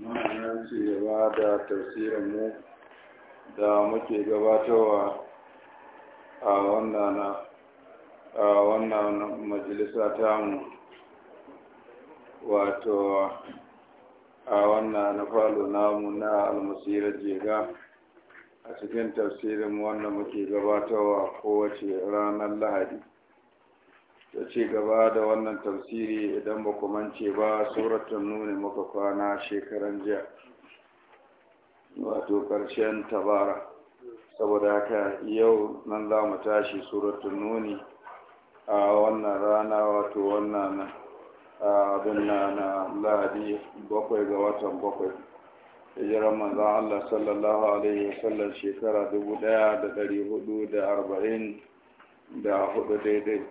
ma'anar ci da tafsirin mu da muke gabatarwa a wannan a wannan majalisa tamu wato a wannan na falo namu na almasirar jega a cikin tafsirin wannan muke gabatarwa kowace ranar lahadi Ta ce gaba da wannan tafsiri idan ba mance ba suratun nuni muka kwana shekaran jiya wato ƙarshen tabara saboda haka yau nan za mu tashi suratun nuni a wannan rana wato wannan abin na na lahadi bakwai ga watan bakwai hijiran manzan Allah sallallahu alaihi wasallam shekara dubu ɗaya da ɗari hudu da arba'in da hudu daidai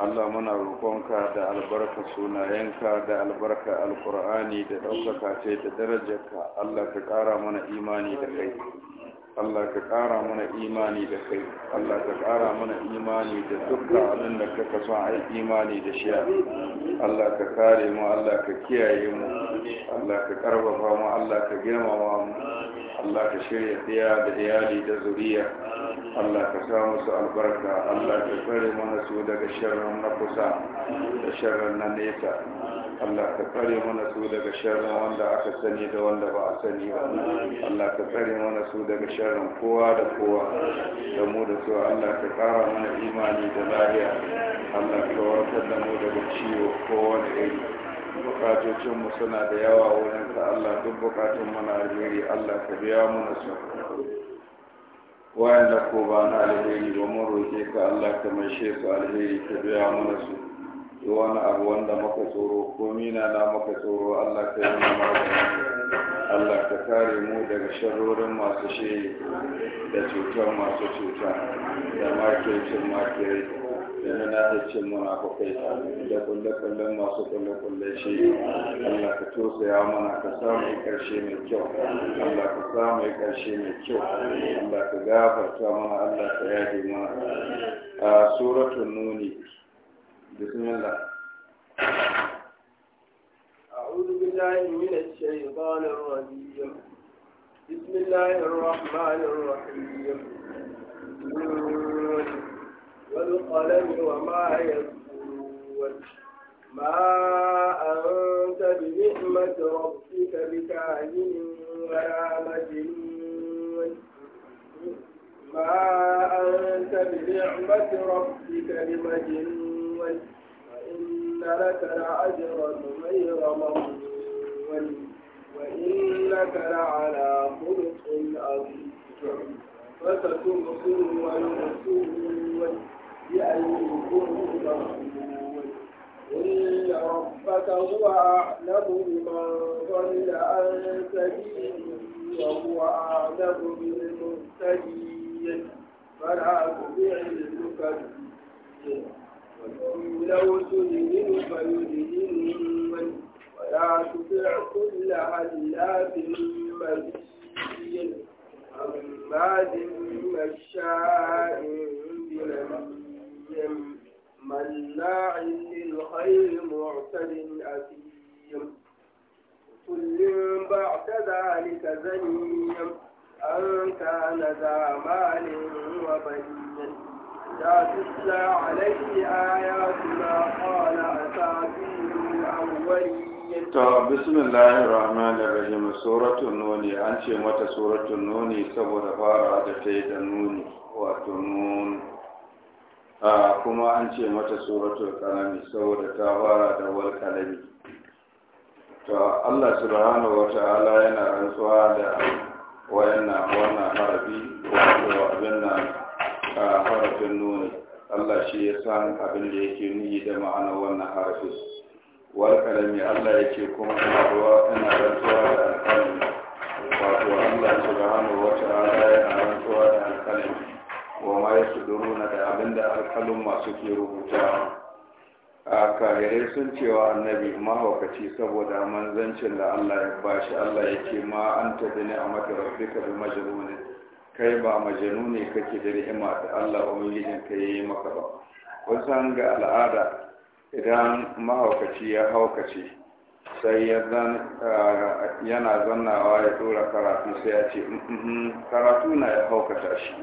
Allah muna roƙonka da albarka sunayenka da albarka alkur'ani da ɗaukaka ce da darajarka Allah ka ƙara mana imani da kai Allah ka ƙara mana imani da kai Allah ka ƙara mana imani da dukkan abin da ka kaso a imani da shi Allah ka kare mu Allah ka kiyaye mu Allah ka karfafa mu Allah ka girmama mu Allah ka shirya tsaya da iyali da zuriya Allah ka sa musu albarka Allah ka tsare mana su daga sharrin na kusa da sharrin na nesa Allah ka tsare mana su daga sharrin wanda aka sani da wanda ba a sani ba Allah ka tsare mana su daga sharrin kowa da kowa da mu da su Allah ka kara mana imani da lafiya Allah ka warkar da mu daga ciwo ko wani iri mu suna da yawa wurin ka Allah duk bukatun mana alheri Allah ka biya mana su wayanda ko ba na alheri ba mun roƙe ka Allah ka maishe su alheri ka biya mana su duk wani abu wanda maka tsoro ko mina na maka tsoro Allah ka yi mana magana Allah ka kare mu daga sharorin masu shi da cutar masu cuta da makircin makirai yana na hacin munafukai da kulle-kullen masu kulle-kulle shi Allah ka tosaya mana ka samu karshe mai kyau Allah ka samu karshe mai kyau Allah ka gafarta mana Allah ka yaje mana a suratul nuni bismillah أعوذ بالله من الشيطان الرجيم بسم الله الرحمن الرحيم والقلم وما يسكون ما أنت بنعمة ربك بكاهن ولا مجنون ما أنت بنعمة ربك بمجنون وإن لك لأجرا غير ممنون وإنك لعلى خلق عظيم فستبصر ويبصرون إن ربك هو أعلم بمن ضل عن سبيله وهو أعلم بالمهتدين فلا تطع المكذبين وإن لو تذهن فيذهنون ولا تطع كل حلاف مبين هماز مشاء بنميم مناع للخير معتد أثيم كل بعد ذلك زنيم أن كان ذا مال وبنين لا تتلى عليه آياتنا قال أساطير الأولين To bismillahir rahmanir rahim suratul nuni an ce mata suratul nuni saboda fara da ta yi da nuni wato nuni kuma an ce mata suratul kalami saboda ta fara da wal kalami to Allah subhanahu wa ta'ala yana rantsuwa da wayanna wannan harfi wato abin nan harafin nuni Allah shi ya san abin da yake nuni da ma'anar wannan harfi wal kalami Allah yake kuma ina ruwa ina rantsuwa da kalami wato Allah subhanahu wa ta'ala yana rantsuwa da kalami wa ma na da abinda alkalin masu ke rubuta a kahirai sun cewa annabi mahaukaci saboda manzancin da Allah ya bashi Allah ya ce ma an tabi ne a mata rabbika bi kai ba majnun ne kake da ni'ima da Allah ubangijin ka yi maka ba kusan ga al'ada idan mahaukaci ya haukace sai yana zannawa ya dora karatu sai ya ce mm, mm, mm, karatu na ya haukata shi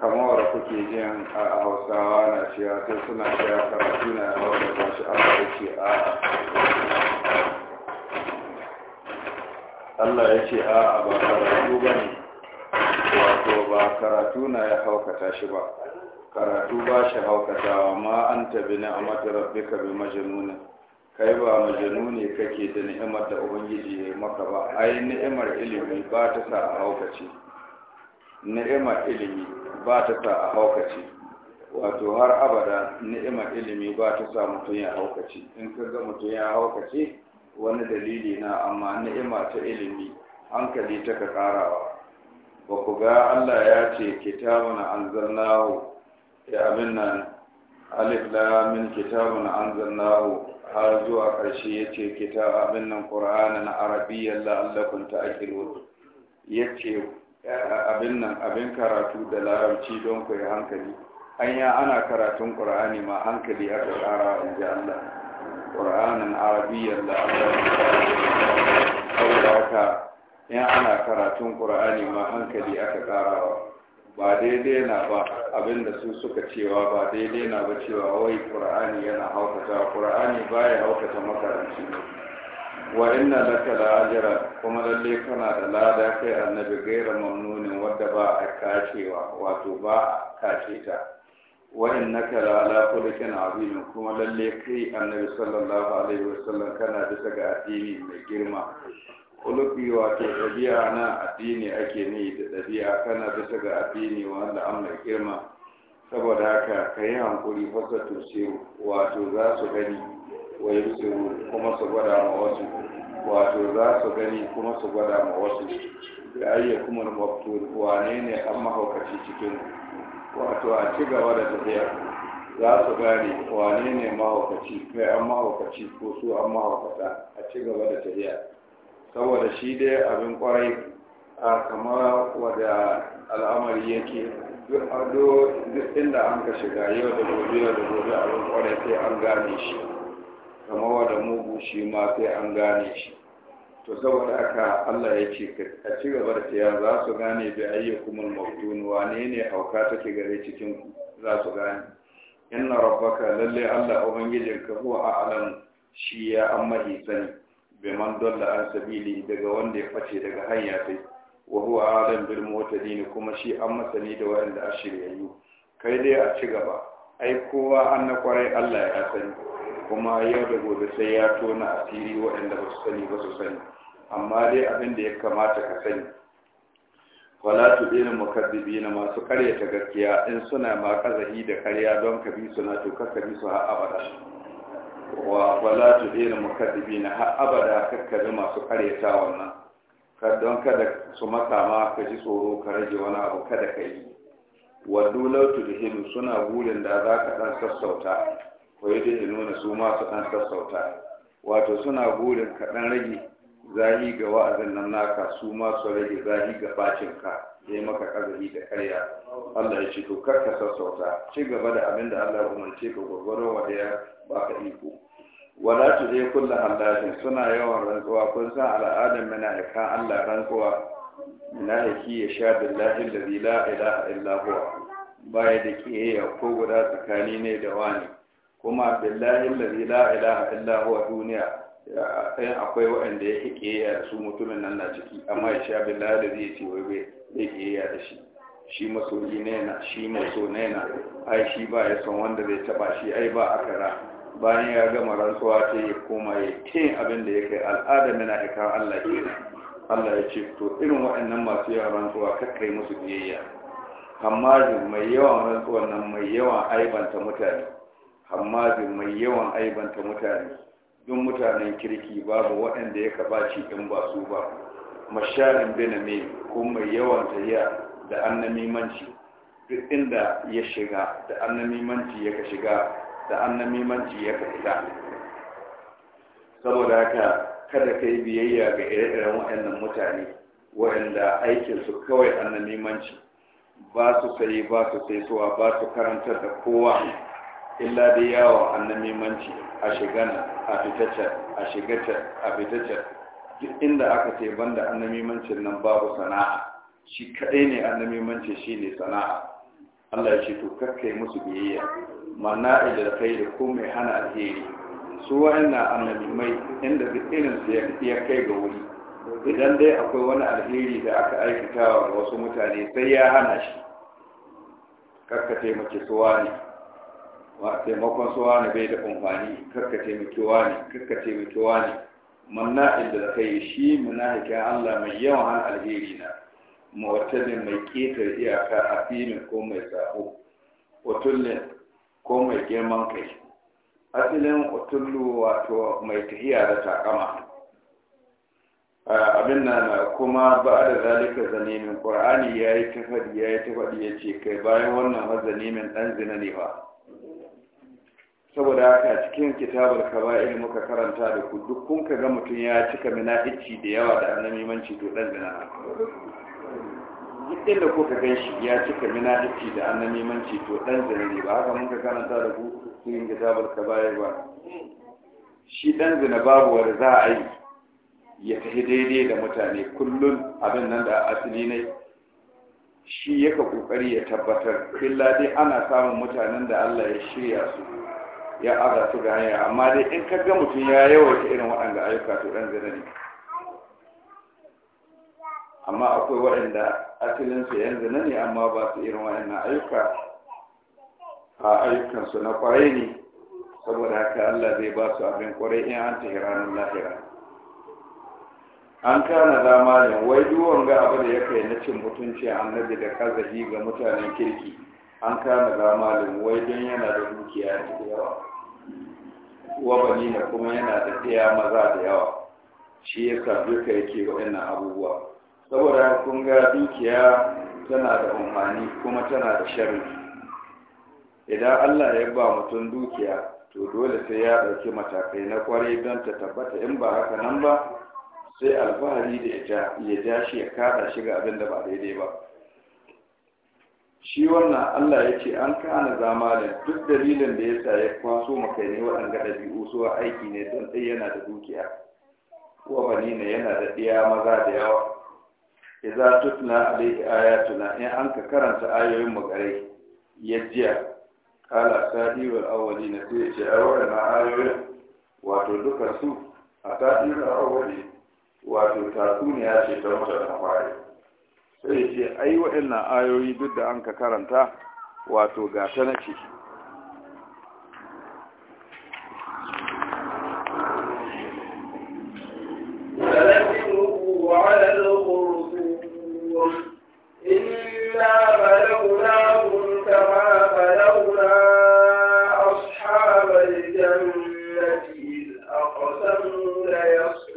kamar kuke jin a hausawa na cewa sai suna cewa karatu na yawa da ba shi aka ce a Allah ya ce a ba karatu ba ne wato ba karatu na ya haukata shi ba karatu ba shi haukatawa ma an tabi na amata rabbika bi majanunin kai ba majanuni kake da ni'imar da ubangiji ya maka ba ai ni'imar ilimi ba ta sa a haukace ni'imar ilimi ba ta sa a haukace wato har abada ni'imar ilimi ba ta sa mutum ya haukaci. in ka ga mutum ya haukaci, wani dalili na amma ni'ima ta ilimi hankali ta ka karawa ba ku ga Allah ya ce kitabun anzalnahu ya abin nan alif lamin kitabuna anzalnahu har zuwa karshe ya ce abin nan qur'ana na arabiyyar la'allakun ta ake ya Eh, abin nan abin karatu da larabci don ku yi hankali anya ana karatun qur'ani ma hankali aka tsara in ji Allah qur'anin arabiyyar da Allah ya in ana karatun qur'ani ma hankali aka tsara. ba daidai na ba abin da su suka cewa ba daidai na ba cewa wai qur'ani yana haukata qur'ani baya haukata makaranci wa inna laka la ajra kuma lalle kana da lada kai annabi gaira mamnunin wadda ba a kacewa wato ba a kace ta wa innaka da ala khuluqin azim kuma lalle kai annabi sallallahu alaihi wasallam kana bisa ga addini mai girma khuluqi wato ɗabi'a na addini ake ne da dabi'a kana bisa ga addini wanda an mai girma saboda haka kai hankuri fasatu wato za su gani wa yusiru kuma su gwada ma wasu wato za su gani kuma su gwada ma wasu da ayyakumul mabtul wane ne an mahaukaci cikin wato a ci gaba da tafiya za su gane wane ne mahaukaci kai an mahaukaci ko su an mahaukata a ci gaba da tafiya saboda shi dai abin kwarai a kamar wadda al'amari yake duk inda an ka shiga yau da gobe da gobe abin kwarai sai an gane shi kamar da mugu shi ma sai an gane shi to saboda haka Allah ya ce a ci gaba da taya za su gane bi ayyukumul mawdun wane ne hauka take gare cikin ku za su gane inna rabbaka lalle Allah ubangijin ka huwa a'lam shi ya amma sani bi man dalla an sabili daga wanda ya face daga hanya sai wa huwa a'lam bil mu'tadin kuma shi an masani da wanda ashiriyayyu kai dai a ci gaba ai kowa an na kwarai Allah ya sani kuma yau da gobe sai ya tona asiri waɗanda ba su sani ba su sani amma dai abin da ya kamata ka sani wala tu dina mukaddibina masu karyata gaskiya in suna ma kazahi da karya don ka bi na to ka bi su har abada wa wala tu dina mukaddibina har abada kakkabi masu karyata wannan don kada su maka ma ka ji tsoro ka rage wani abu kada ka yi wa dulau tu suna burin da za ka dan sassauta wai da nuna su ma su ɗan sassauta wato suna burin kaɗan rage zahi ga wa'azin nan naka su ma su rage zahi ga bacin ka maka ƙazahi da karya Allah ya ce to kar ka sassauta ci gaba da abin da Allah ya umarce ka gwargwaro wanda ya baka iko wala tu dai kullu hallatin suna yawan rantsuwa kun san al'adan mana'ika Allah rantsuwa Ina mana'iki ya sha billahi la ilaha illa huwa baya da kiyaye ko guda tsakani ne da wani kuma billahi la ilaha illa huwa duniya sai akwai waɗanda ya hike ya su mutumin nan na ciki amma ya sha billahi da zai ce wai bai zai ya da shi shi masoyi ne na shi maso ne ai shi ba ya son wanda zai taba shi ai ba a kara bayan ya gama rantsuwa ta yi koma ya ke abin da ya kai al'ada mina hikar Allah kenan Allah ya ce to irin waɗannan masu yawan rantsuwa kakkai musu biyayya amma mai yawan rantsuwan nan mai yawan aibanta mutane da mai yawan aibanta mutane duk mutanen kirki babu waɗanda ya ci in ba su ba masharin bename ko mai yawan tahiya da annamimanci duk inda ya shiga da annamimanci ya ka shiga da annamimanci ya ka fita saboda haka kada ka yi biyayya ga ire-iren waɗannan mutane waɗanda aikinsu kawai annamimanci ba su sayi ba su saisuwa ba su karantar da kowa illa dai yawa annan nemanci a shigana a fitaccen a shigaccen a fitaccen duk inda aka ce banda annan nemancin nan babu sana'a shi kadai ne annan nemanci shi ne sana'a Allah ya ce to kakkai musu biyayya mana da kai da ko mai hana alheri su wa'anna annabi mai inda duk irin su ya kai ga wuri idan dai akwai wani alheri da aka aikatawa ga wasu mutane sai ya hana shi kakka taimaki su wani wa taimakon su wani bai da amfani karka ne wani karka taimaki ne manna inda da kai shi munafikin Allah mai yawan hal alheri na muwattadin mai ketar iyaka a filin ko mai sabo otullin ko mai girman kai asalin otullu wato mai tahiya da takama abin na kuma ba da zalika zanimin qur'ani yayi tafadi yayi tafadi yace kai bayan wannan mazanimin dan zina ne ba saboda haka cikin kitabar kaba'ir muka karanta da ku duk kun ka ga mutum ya cika mina'ici da yawa da annamimanci to dan zina duk inda kuka gan shi ya cika mina'ici da annamimanci to dan zina ne ba haka mun ka karanta da ku cikin kitabar kaba'ir ba shi dan zina babu wani za a yi ya tafi daidai da mutane kullum abin nan da asali ne shi yaka kokari ya tabbatar illa dai ana samun mutanen da Allah ya shirya su ya aza su ga hanya amma dai in ka ga mutum ya yawaita irin waɗanda ayyuka to ɗan zina amma akwai waɗanda asalinsu yan zina ne amma ba su irin waɗannan ayyuka a ayyukansu na kwarai ne saboda haka Allah zai ba su abin kwarai in an ta ranar lahira an kana zamalin wai duwan ga abu da ya kai na cin mutunci annabi da kazahi ga mutanen kirki an kama ga wai don yana da dukiya da yawa wa banina kuma yana da tsaya maza da yawa shi yasa duka yake waɗannan abubuwa saboda kun ga dukiya tana da amfani kuma tana da sharri idan Allah ya ba mutum dukiya to dole sai ya ɗauki matakai na kwarai don ta tabbata in ba haka nan ba sai alfahari da ita ya ja ya kada shiga ga abin ba daidai ba shi wannan Allah ya ce an kana zamalin duk dalilin da ya sa ya kwaso makai ne waɗanda ɗabi'u su aiki ne don tsaye yana da dukiya wa bani ne yana da ɗiya maza da yawa idza tutla aya ayatuna in an ka karanta ayoyin mu ya jiya kala sadiwar awali na sai a ce ayoyin ayoyin wato duka su a sadi wal wato tatsuniya ce ta mutane kwari sai ya ce ai waɗannan ayoyi duk da an ka karanta wato ga ta nace أقسموا ليصلوا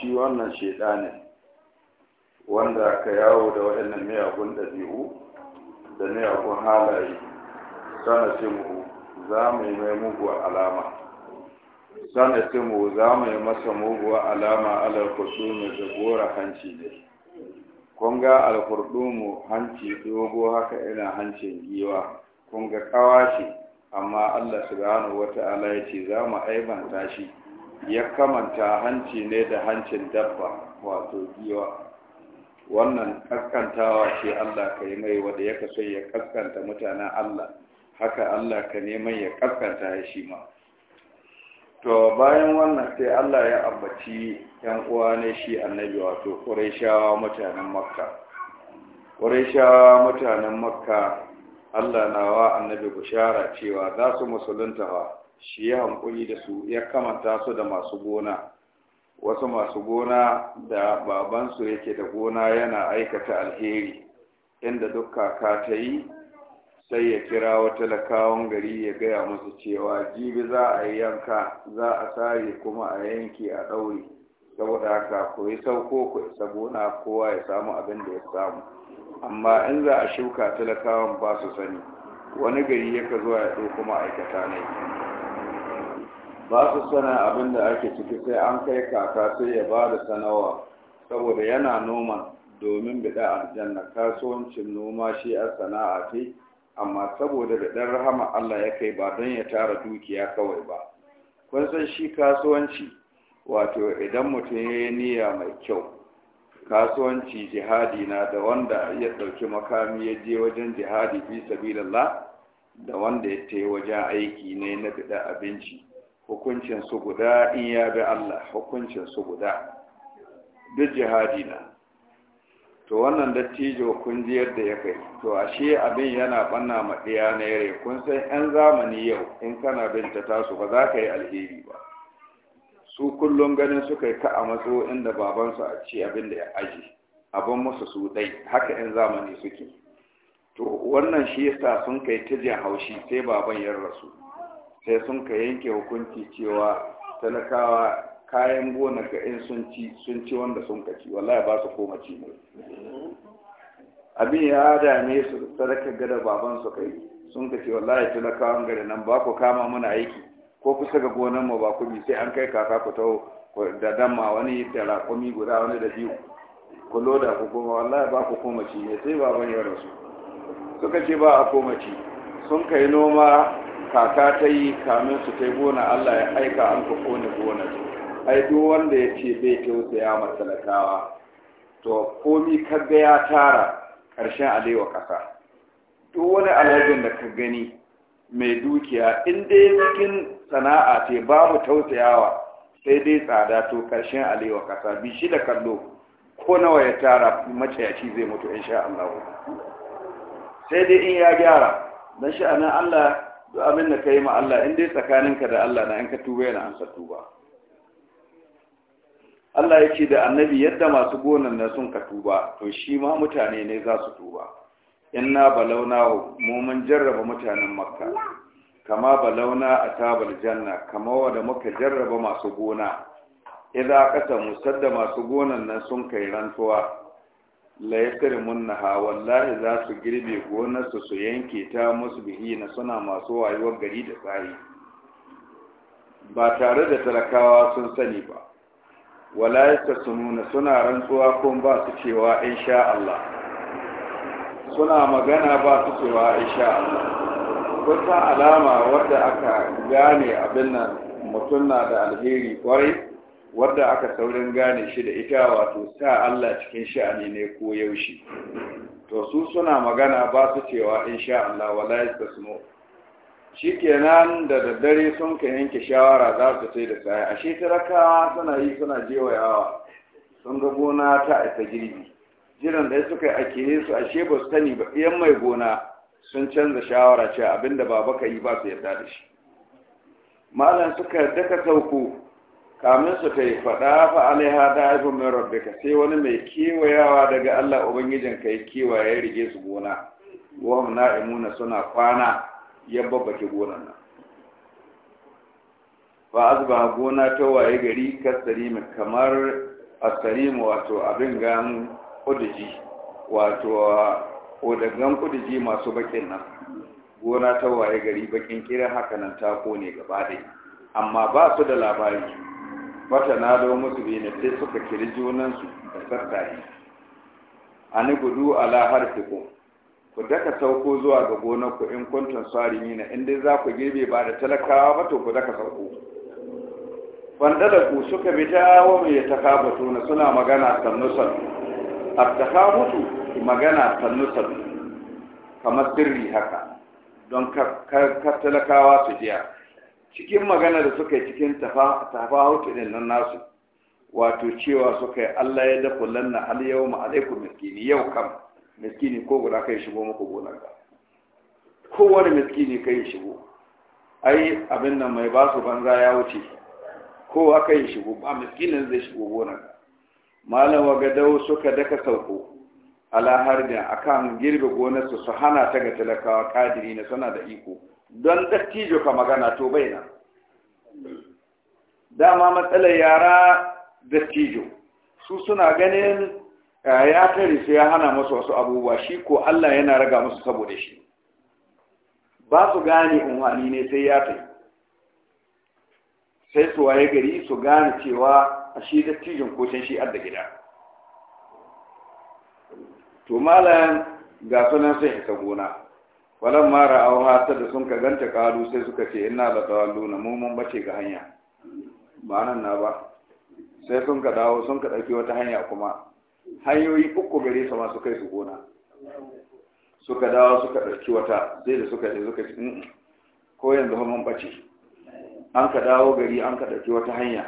shi wannan shaidanin wanda ka yawo da waɗannan miyagun ɗabi'u da miyagun halaye sana ce mu za mu yi mai muguwa alama sana ce mu za mu yi masa muguwa alama alarkusu mai jagora hanci ne kun ga mu hanci dogo haka ina hancin giwa kun ga kawashi amma allah subhanahu ala ya ce za mu aibanta shi ya kamanta hanci ne da hancin dabba wato giwa wannan kaskantawa ce Allah ka yi mai wanda ya kaso ya kaskanta mutanen Allah haka Allah ka neman ya kaskanta ya shi ma to bayan wannan sai Allah ya ambaci yan uwa ne shi annabi wato Qurayshawa mutanen Makka Qurayshawa mutanen Makka Allah nawa annabi bushara cewa za su musulunta ba shi ya hankuli da su ya kamanta su da masu gona wasu masu gona da babansu yake da gona yana aikata alheri inda duk kaka ta yi sai ya kira wa talakawan gari ya gaya musu cewa jibi za a yi yanka za a sare kuma a yanki a ɗauri saboda haka ku yi sauko ku isa gona kowa ya samu abin da ya samu amma in za a shuka talakawan ba su sani wani gari yaka zuwa ya kuma ma'aikata ne ba su sana abin da ake ciki sai an kai kaka sai ya ba da sanawa saboda yana noma domin bida aljanna kasuwancin noma shi a sana'a ce amma saboda bidan rahama Allah ya kai ba don ya tara dukiya kawai ba kun san shi kasuwanci wato idan mutum ya yi niyya mai kyau kasuwanci jihadi na da wanda ya ɗauki makami ya je wajen jihadi fi sabilillah da wanda ya ta wajen aiki ne na bida abinci hukuncin su guda in ya bi Allah hukuncin su guda duk jihadi na to wannan dattijo kun ji yadda ya kai to ashe abin yana banna ma diya na yare kun san yan zamani yau in kana binta tasu ba za ka yi alheri ba su kullum ganin suka yi ka a matso inda babansu a ce abin da ya aji abin musu su dai haka yan zamani suke to wannan shi yasa sun kai ta haushi sai baban ya rasu sai sun ka yanke hukunci cewa talakawa kayan gona ga in sun ci sun ci wanda sun ka ci wallahi ba su koma ci ne abin ya dame su sadaka gada baban su kai sun ka ce wallahi talakawan gari nan ba ku kama muna aiki ko kusa ga gonan mu ba ku bi sai an kai kaka ku taho da damma wani da raƙumi guda wani da biyu ku loda ku goma wallahi ba ku koma ci ne sai baban ya rasu suka ce ba a koma ci sun kai noma kaka ta yi kamin su ta gona allah ya aika an ka kone gona ai duk wanda ya ce bai tausaya ma talakawa to komi kaga ya tara karshen alewa ƙasa duk wani alhajin da ka gani mai dukiya in dai cikin sana'a ce babu tausayawa sai dai tsada to ƙarshen alewa kasa bi shi da kallo ko nawa ya tara macayaci zai mutu in sha Allah sai dai in ya gyara don sha'anin Allah duk abin da ka yi ma Allah in dai tsakaninka da Allah na in ka tuba yana ansa tuba Allah ya ce da annabi yadda masu gonan na sun ka tuba to shi ma mutane ne za su tuba inna balauna mu mun jarraba mutanen makka kama balauna a tabar janna kama wanda muka jarraba masu gona aka samu sadda masu gonan nan sun kai rantuwa. layakar munnaha wallahi za su girbe gonarsu su yanke ta musu bihina suna masu wayewar gari da tsari ba tare da talakawa sun sani ba walayarsa su nuna suna rantsuwa ko ba su cewa insha Allah suna magana ba su cewa insha Allah kusa alama wadda aka gane abin nan mutum na da alheri kwarai Wanda aka saurin gane shi da ita wato sa Allah cikin sha'ani ne ko yaushe to su suna magana ba su cewa insha Allah wala yastasmu shikenan da daddare sun ka yanke shawara za su sai da sai ashe talakawa suna yi suna jewayawa sun ga gona ta isa girbi jiran da suka ake su ashe ba su sani ba yan mai gona sun canza shawara ce abinda baba ka yi ba su yarda da shi malam suka daka sauko kamin su kai faɗa fa alaiha da mai min ka sai wani mai kewayawa daga Allah ubangijin ka yi kewaye ya rige su gona wa na imuna suna kwana ya babbake gonan nan fa azba gona ta waye gari kasarima kamar asarima wato abin gan kudiji wato odagan kudiji masu bakin nan gona ta waye gari bakin kira haka nan ta kone gaba dai amma ba su da labari wata na da musu ne sai suka kiri junansu da sassare ani gudu ala ko ku daka sauko zuwa ga gonarku in kuntum sarimina in dai za ku girbe ba da talakawa ba to ku daka sauko ku suka bi ta wa mai takabatu na suna magana sannu sannu magana sannu sannu kamar sirri haka don ka talakawa su jiya cikin magana da suka yi cikin tafahautu ne nan nasu wato cewa suka yi Allah ya dafa lanna hal yau ma alaikum miskini yau kam miskini ko guda kai shigo muku gonar ka kowane miskini kai shigo ai abin nan mai ba su banza ya wuce ko aka yi shigo ba miskinin zai shigo gonar ka malam wagadau suka daka sauko ala harbin akan girbe gonar su su hana ta ga talakawa kadiri na sana da iko don dattijo ka magana to bai na. dama matsalar yara dattijo su suna ganin eh, ya tare su ya hana masu wasu abubuwa shi ko Allah yana raga musu saboda shi ba su gane unhani ne sai ya tare sai su waye gari su gane cewa a shi dattijin ko shi da gida to ga sunan sai ka gona falan mara a wata da sun ka ganta kalu sai suka ce ina da tawallu na mun bace ga hanya ba nan na ba sai sun ka dawo sun ka ɗauki wata hanya kuma hanyoyi uku gare su masu kai su gona suka dawo suka ɗauki wata sai da suka ce suka ce mm, mm, ko yanzu mun bace an ka dawo gari an ka ɗauki wata hanya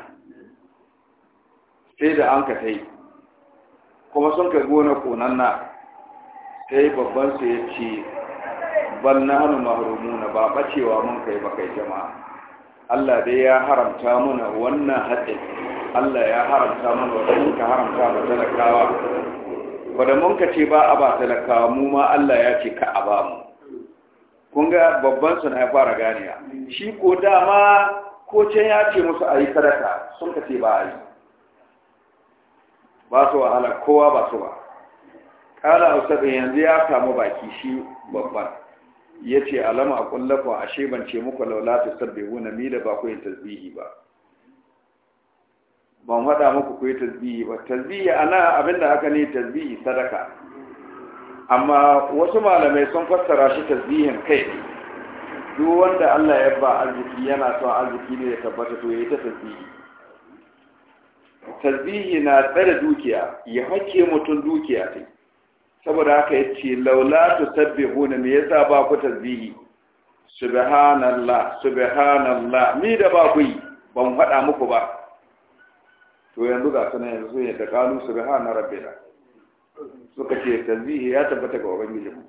sai da an ka tai kuma sun ka gona konan na sai babban su ya ce bal nahnu mahrumuna ba bacewa mun kai ba kai jama'a Allah dai ya haramta mana wannan haɗin Allah ya haramta mana wannan ka haramta ba talakawa ba da mun ka ce ba a ba talakawa mu ma Allah ya ce ka a ba mu kun ga babban sun ya fara ganiya shi ko dama ko can ya ce musu a yi sadaka sun ka ce ba a yi ba su wahala kowa ba su ba Kala hausa yanzu ya samu baki shi babban ya ce alama a kullafa a shebance ce muku laula ta sabbe wuna mi da ba ku yin tasbihi ba ban faɗa muku ku yi tasbihi ba tasbihi ana abin da aka ne tasbihi sadaka amma wasu malamai sun fassara shi tasbihin kai duk wanda Allah ya ba arziki yana son arziki ne ya tabbata to yayi ta tasbihi tasbihi na tsare dukiya ya hake mutum dukiya ta saboda haka ya ce laula tu sabbihuna me yasa ba ku tasbihi subhanallah subhanallah ni da ba ku yi ban faɗa muku ba to yanzu ga sunan yanzu ya da kanu subhana rabbina suka ce tasbihi ya tabbata ga ubangiji mu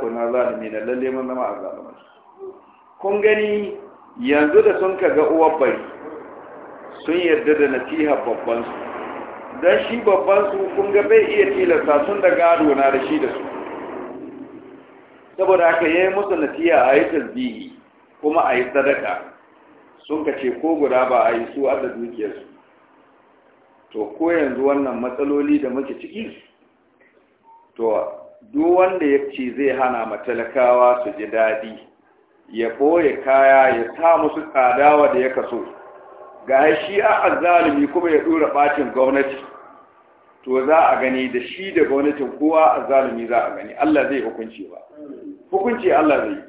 kuna zalimi na lalle mun zama a azzalimai kun gani yanzu da sun kaga uwar bari sun yarda da nasiha babban su don shi babban su kun ga bai iya tilasta sun da gado na da shi da su saboda haka yayi musu nasiya a yi tasbihi kuma a yi sadaka sun ka ko guda ba a yi su a da dukiyarsu to ko yanzu wannan matsaloli da muke ciki to duk wanda ya ce zai hana matalakawa su ji daɗi ya ɓoye kaya ya sa musu tsadawa da ya kaso ga shi a azzalumi kuma ya dora bacin gwamnati to za a gani da shi da gwamnatin kowa azzalumi za a gani Allah zai hukunci ba hukunci Allah zai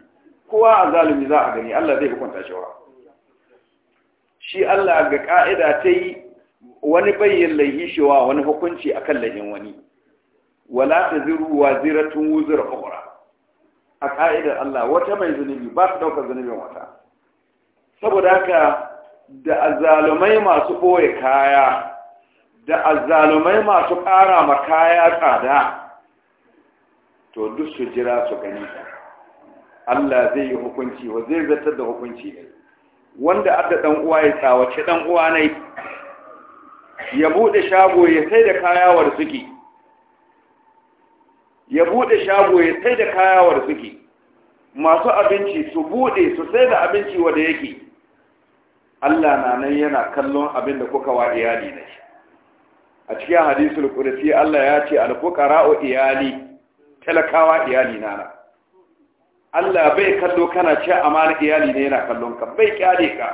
kowa azzalumi za a gani Allah zai hukunta shi ba shi Allah ga ka'ida ta yi wani bayyin laihi shi wa wani hukunci akan laihin wani wala taziru waziratun wuzur ukhra a ka'idar Allah wata mai zunubi ba su dauka zunubin wata saboda haka da azalumai masu ɓoye kaya da azalumai masu ƙara ma kaya tsada to duk su jira su gani Allah zai yi hukunci wa zai zartar da hukunci wanda aka dan uwa ya tsawace dan uwa ne ya bude shago ya sai da war suke ya bude shago ya sai da kayawar suke masu abinci su bude su sai da abinci wanda yake Allah na nan yana kallon abin da kuka wa iyali ne a cikin hadisul qudsi Allah ya ce al-fuqara'u iyali talakawa iyali na na Allah bai kallo kana ce amana iyali ne yana kallon ka bai kyale ka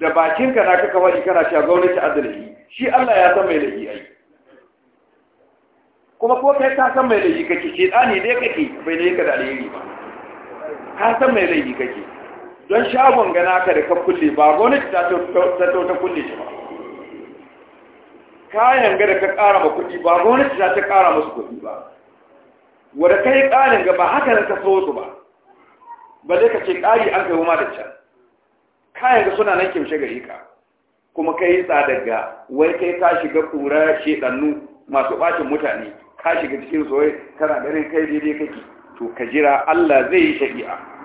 da bakin ka na kaka wani kana ce gwamnati adalci shi Allah ya san mai laifi ai kuma ko kai ka san mai laifi kake shi dani dai kake bai ne ka da alheri ba ka san mai laifi kake don shagon gana ka da ka kulle ba gwamnati ta ta kulle shi ba kayan ga da ka ƙara ma kuɗi ba gwamnati ta ta ƙara musu kudi ba wadda ka yi ƙarin ga ba haka nan ka so ba ba zai ka ce kari an kai ma da can kayan ga suna nan kimshe gari ka kuma ka yi tsada ga, wai kai ka shiga ƙura shedannu masu ɓacin mutane ka shiga cikin soyayya kana ganin kai daidai kake to ka jira Allah zai yi shari'a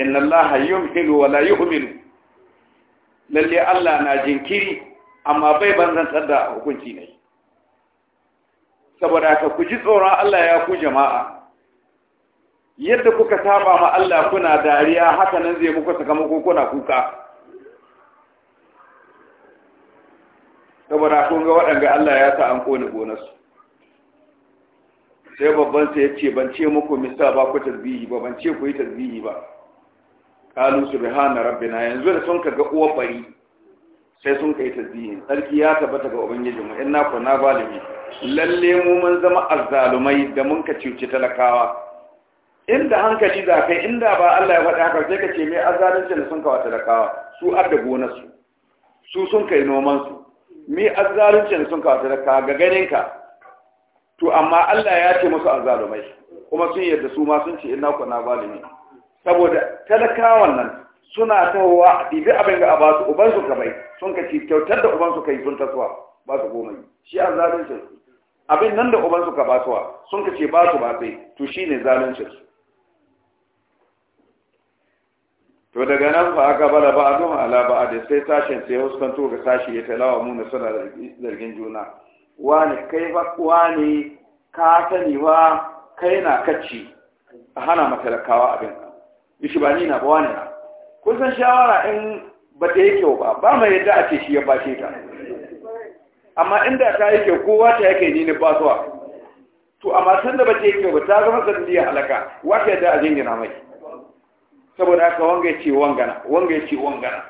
inna الله يمهل ولا يهمل yuhmilu lalle Allah na jinkiri amma bai banzantar da hukunci ne saboda ka ku ji tsoron Allah jama'a yadda kuka saba ma Allah kuna dariya haka nan zai muku muku kuna kuka saboda kun ga waɗanda Allah ya sa an kone gonarsu sai babban sai ya ce ban ce muku mista ba ku tarbihi ba ban ce ku yi tarbihi ba kalu subhana rabbina yanzu da sun kaga uwa bari sai sun kai tasbihi sarki ya tabbata ga ubangiji mu inna kunna zalimi lalle mu mun zama azzalumai da mun ka cuci talakawa inda hankali za kai inda ba Allah ya faɗi haka sai ka ce mai azzalunci da sun da talakawa su adda na su su sun kai nomansu mai azzalunci da sun kawo talakawa ga ka to amma Allah ya ce musu azzalumai kuma sun yadda su ma sun ce inna kunna zalimi saboda talakawan nan suna wa ɗibi abin a ba su uban su kamai sun ka kyautar da uban su kai sun tasuwa ba su goma shi an zalunci abin nan da uban su ka basuwa sun ka ce ba su ba sai to shine zalunci to daga nan fa aka bala ba adun ala ba da sai sashen sai huskanto ga sashi ya talawa mu na suna zargin juna wani kai ba wani ka sani wa kai na kacci a hana matalakawa abin ka ishi ba ni na ba wani na kun san shawara in ba ta yi kyau ba ba mai yadda a ce shi ya bace ta amma inda ta yi kyau kowa ta yake ni ne ba zuwa to amma san da ba ta yi kyau ba ta zama sanadiyar halaka wata yadda a jingina mai saboda haka wanga ya ce wangana wanga ya ce wangana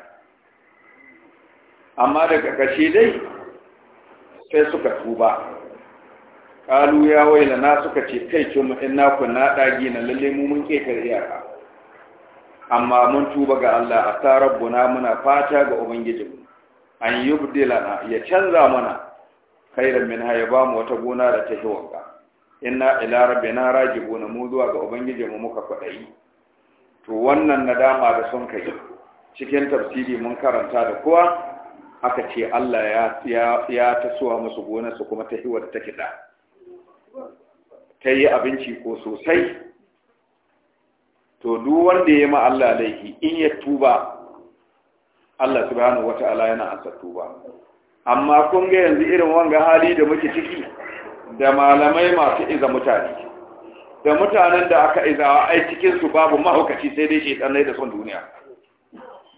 amma daga ƙarshe dai sai suka tuba kalu ya waila na suka ce kai ce mu in naku na dagi na lalle mu mun keta yara amma mun tuba ga Allah a ta rabbuna muna fata ga ubangijinmu an yubdilana ya canza mana khairan min ya ba mu wata gona da ta shi wanka inna ila rabbina gona mu zuwa ga ubangijinmu muka yi. to wannan nadama da sun kai cikin tafsiri mun karanta da kowa aka ce Allah ya ya, ya tasowa musu gona su kuma ta hiwar ta kida ta yi abinci ko sosai to duk wanda ya yi ma Allah laifi in ya tuba Allah subhanahu wata'ala yana ansa tuba amma kun ga yanzu irin wanga hali da muke ciki da malamai masu iza mutane da mutanen da aka izawa ai cikin su babu mahaukaci sai dai shedanai da son duniya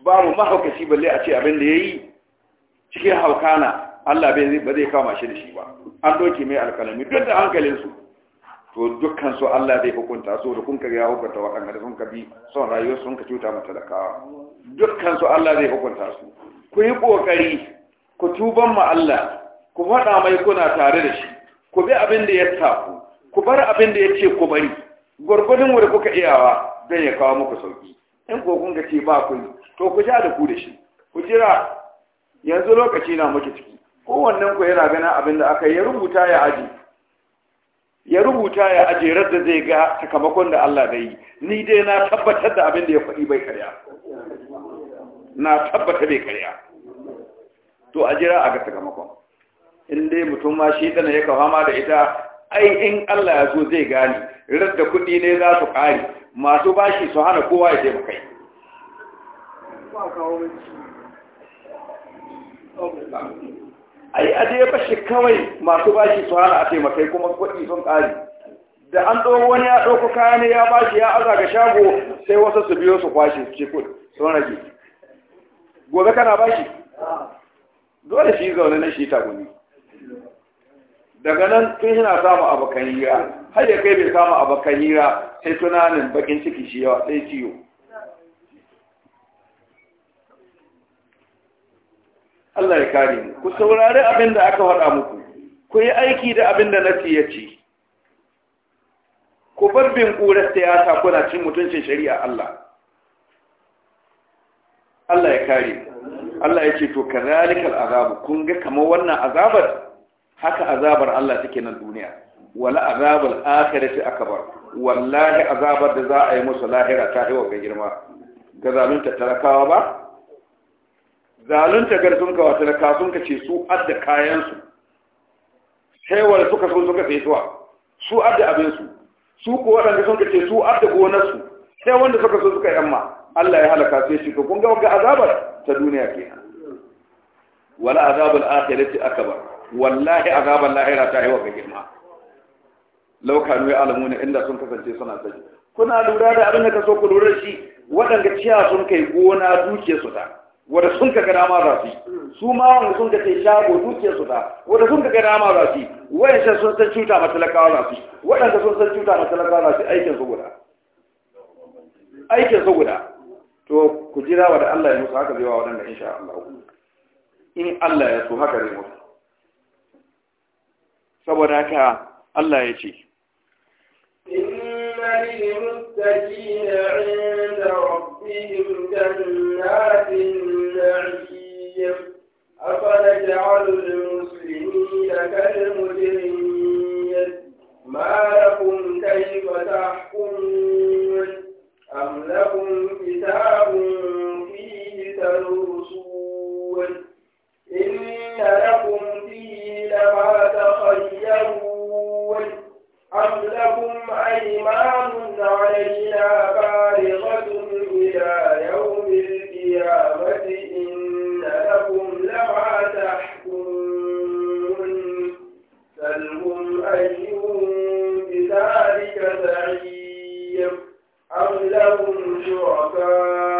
babu mahaukaci balle a ce abin da yayi cikin haukana Allah bai zai kama shi da shi ba an doke mai alkalami duk da hankalin su to dukkan su Allah zai hukunta su da kun ka ya hukunta waɗanda sun ka bi son rayuwar sun ka cuta da talakawa dukkan su Allah zai hukunta su ku yi kokari ku tuban ma Allah ku faɗa mai kuna tare da shi ku bi abin da ya tafu ku bar abin da ya ku bari gwargwadon wanda kuka iyawa zai ya kawo muku sauki in ko kun ka ce ba ku to ku ja da ku da shi ku jira yanzu lokaci na muke ciki kowannen ku yana ganin abin da aka yi rubuta ya aji ya rubuta ya ajerar da zai ga sakamakon da Allah da yi ni dai na tabbatar da abin da ya faɗi bai karya na tabbata bai karya to ajira a ga sakamakon in dai mutum ma shi tana ya kawama da ita ai in Allah ya zo zai gani, radda kuɗi ne za su ƙari masu bashi su hana kowa ya taimaka kai a yi aje bashi kawai masu bashi su hana a taimakai kuma kuɗi sun ƙari da an ɗau wani ya ɗauko kaya ne ya bashi ya aza ga shago sai wasu su biyo su kwashe su ce kuɗi sun rage gobe kana bashi dole shi zaune na shi tagumi daga nan tun yana samun abokan hira har ya kai bai samun abokan hira sai tunanin bakin ciki shi yawa sai ciwo Allah ya kare mu ku saurari abin da aka faɗa muku ku yi aiki da abin da nasi ya ce ku bar bin ƙurar siyasa kuna cin mutuncin shari'a Allah Allah ya kare Allah ya ce to kazalikal azabu kun ga kamar wannan azabar haka azabar Allah take nan duniya wala azabul akhirati akbar wallahi azabar da za a yi musu lahira ta yi wa girma ga zalunta talakawa ba zalunta garzunka ka wata ka sun ka ce su adda kayansu sai wanda suka so suka sai suwa su adda abinsu su ko waɗanda sun ka ce su adda gonarsu sai wanda suka so suka yamma Allah ya halaka sai shi ko kun ga azabar ta duniya kenan wala azabul akhirati akbar wallahi azabul lahira ta yi wa girma law kanu alamuna inda sun kasance suna saki. kuna lura da abin da kaso ku lura shi waɗanda ciya sun kai gona duke su ta wanda sun ka gada ma za su su ma wanda sun ka ce shago dukiyar su ta wanda sun ka gada ma za su wayancan sun san cuta ma talakawa za su waɗanda sun san cuta ma talakawa za su aikin su guda aikin su guda to ku jira wa da Allah ya musu haka zai wa waɗanda insha Allah in Allah ya so haka zai musu saboda haka Allah ya ce للمتقين عند ربهم جنات الزعيم أفنجعل المسلمين كالمجرمين ما لكم كيف تحكمون أم لكم كتاب فيه تدرسون إن لكم فيه لما تخيرون أم لكم أيمان علينا بالغة إلى يوم القيامة لعلكم لها تحكمون سلهم أيهم بذلك زعيم أم لهم شركاء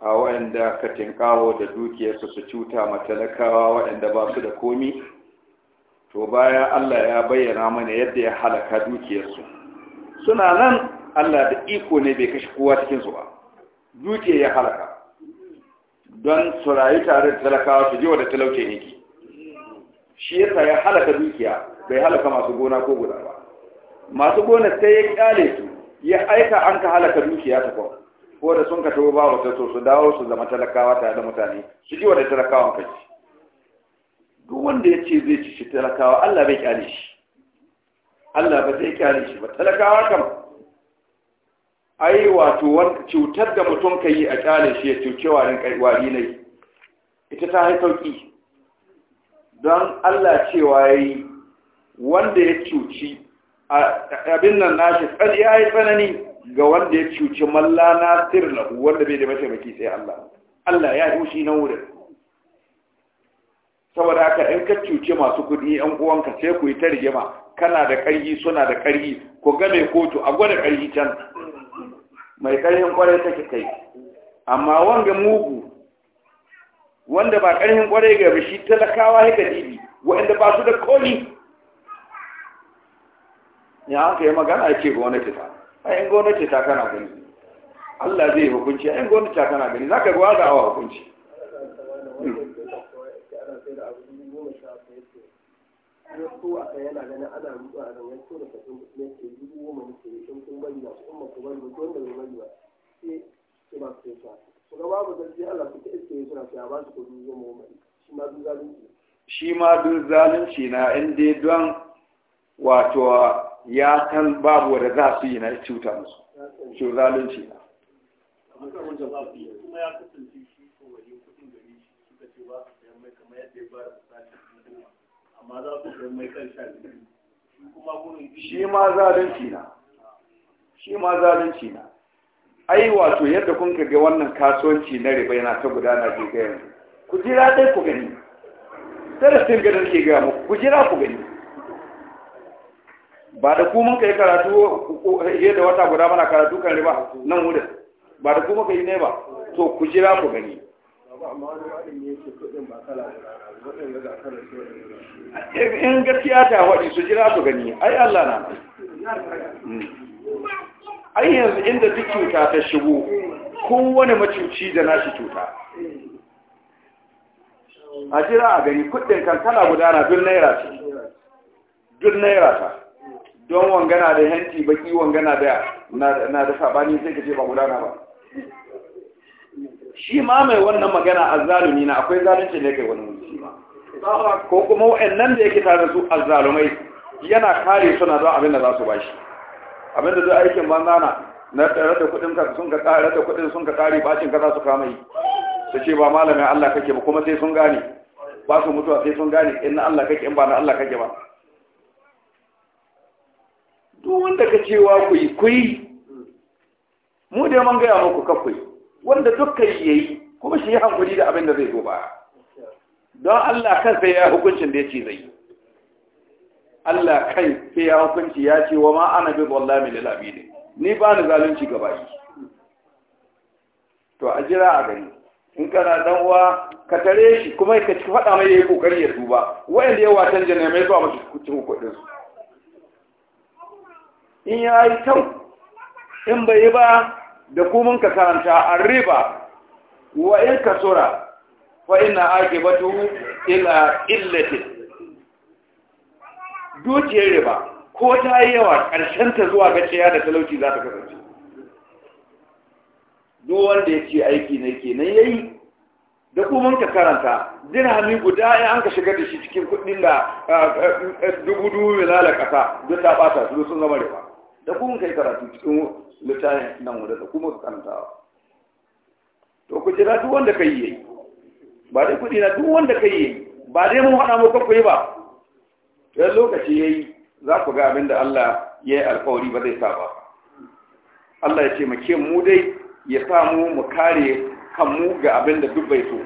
a waɗanda ka tinkawo da dukiyarsu su cuta matalakawa waɗanda ba su da komi to bayan Allah ya bayyana mana yadda ya halaka dukiyarsu suna nan Allah da iko ne bai kashe kowa cikinsu ba dukiya ya halaka don su rayu tare da talakawa su jiwa da talaucin yake shi yasa ya halaka dukiya bai halaka masu gona ko guda ba masu gona sai ya kyale su ya aika an ka halaka dukiya ta kawai ko da sun ka tabo ba wata to su dawo su zama talakawa tare da mutane su ji wani talakawan ka ci duk wanda ya ce zai ci shi talakawa Allah bai kyale shi Allah ba zai kyale shi ba talakawa kam ai wato cutar da mutum ka yi a kyale shi ya cuce warin kai ne ita ta hai sauki don Allah cewa yayi wanda ya cuci abin nan nashi ya yi tsanani ga wanda ya cuci malla na sirna, wanda bai da mataimaki sai Allah Allah ya yi na wurin saboda haka in ka cuci masu kuɗi yan uwanka sai ku yi ta rigima kana da ƙarfi suna da ƙarfi ku ga mai kotu a gwada ƙarfi can mai ƙarfin ƙwarai take kai amma wanga mugu wanda ba ƙarfin ƙwarai ga shi talakawa ya gadibi waɗanda ba su da koli ya haka yi magana ya ce ga wani fita ayin gwamnati ta kana gani Allah zai hukunci ayin gwamnati ta kana gani zaka ga waza awa hukunci shi ma duk zalunci na inda don wato ya san babu wanda za su yi na cuta musu shi zalunci na shi ma zalunci na shi ma zalunci na ai wato yadda kun ga wannan kasuwanci na riba yana ta gudana ke gaya ku jira dai ku gani darasin ganin ke gaya ku jira ku gani ba da ku mun kai karatu fiye da wata guda mana karatu kan riba nan wurin ba da ku muka yi ne ba to ku jira ku gani in gaskiya ta waɗi su jira su gani ai Allah na hmm. ai yanzu inda duk cuta ta shigo kowane macuci da nashi cuta a jira a gani kudin kankana gudana dun naira ce dun naira ta don wangana da henti baki wangana da na da sabani sai ka ce ba gudana ba shi ma mai wannan magana azzalumi na akwai zalunci ne kai wani mutum ko kuma wa'annan da yake tare da su azzalumai yana kare suna don abin da za su bashi abin da zai aikin banza na na tsare da kuɗin ka sun ka tsare da kuɗin sun ka tsare bacin ka za su kama yi su ce ba malamin Allah kake ba kuma sai sun gane ba su mutuwa sai sun gane in na Allah kake in ba na Allah kake ba duk wanda ka cewa ku yi ku yi mu da man gaya muku kakwai wanda dukkan yayi kuma shi ya hankuli da abin da zai zo ba don Allah sai ya hukuncin da ya ce zai Allah kai sai ya hukunci ya ce wa ma ana bi wallahi lil abidin ni ba ni zalunci gaba yi to a jira a gani in kana dan uwa ka tare shi kuma ka faɗa mai yayi kokari ya duba wanda ya watan jana mai zuwa mashi cikin kudin in ya yi kyau in bai yi ba da kumin ka karanta a riba wa in ka sura in ina ake batu ila illetin dukiyar riba ko ta yi yawa ta zuwa ga da talauci za ta kasance wanda ya ce aiki nan kenan yi. da kuma ka karanta dirhami guda ya an ka shiga da shi cikin kudin da dubu dubu milala kasa duk ta ɓata su sun zama riba da kun kai karatu cikin littafin nan wanda da kuma su kanta to ku jira duk wanda kai yi ba dai kuɗi na duk wanda kai yi ba dai mun haɗa muku kai ba to lokaci yayi za ku ga abin da Allah ya yi alƙawari ba zai sa ba Allah ya ce mu ke mu dai ya sa mu kare kanmu ga abin da duk bai so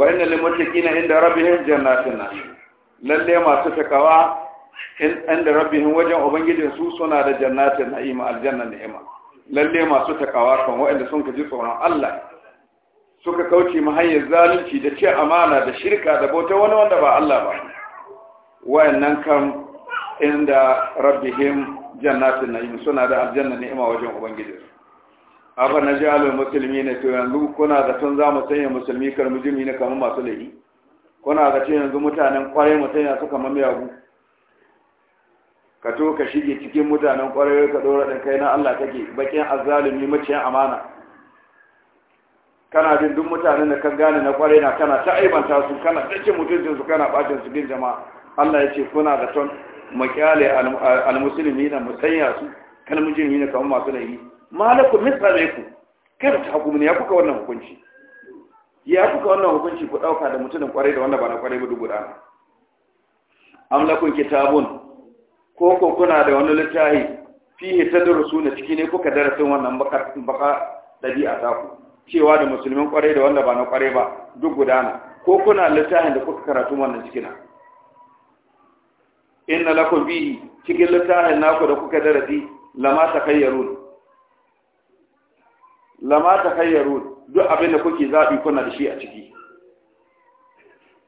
wa inna lil muttaqina inda rabbihim jannatun na'im lalle masu takawa inda rabbihin wajen ubangijin su suna da jannatin na'ima aljanna ni'ima lalle masu takawa kan waɗanda sun kaji tsoron Allah suka kauce mu hanyar zalunci da ce amana da shirka da bauta wani wanda ba Allah ba wayannan kan inda rabbihim jannatin na'im suna da aljanna ni'ima wajen ubangijin su aba najalu muslimina to yanzu kuna da tun zamu sanya musulmi kar mujimi ne kamar masu laifi kuna da cewa yanzu mutanen kwarai mutanya suka mamaye ka to ka shige cikin mutanen ƙwararru ka ɗora da kai na Allah take bakin azzalumi maciyan amana kana jin duk mutanen da kan gane na ƙwarai na kana ta aibanta su kana tsake mutuncin su kana ɓacin su bin jama'a Allah ya ce kuna da ton makyale almusulmi na musanya su kalmujin yi na kamar masu laifi malakun misali ku kai ta ne ya kuka wannan hukunci ya kuka wannan hukunci ku ɗauka da mutumin kwarai da wanda ba na kwarai ba dubu ɗana amlakun kitabun ko ko kuna da wani littafi fihi tadrusu na ciki ne kuka darasin wannan baka baka dabi'a ta ku cewa da musulmin kware da wanda ba na kware ba duk gudana ko kuna littafin da kuka karatu wannan cikina inna lakum bihi cikin littafin naku da kuka darasi lama takayyarun lama takayyarun duk abin da kuke zabi kuna da shi a ciki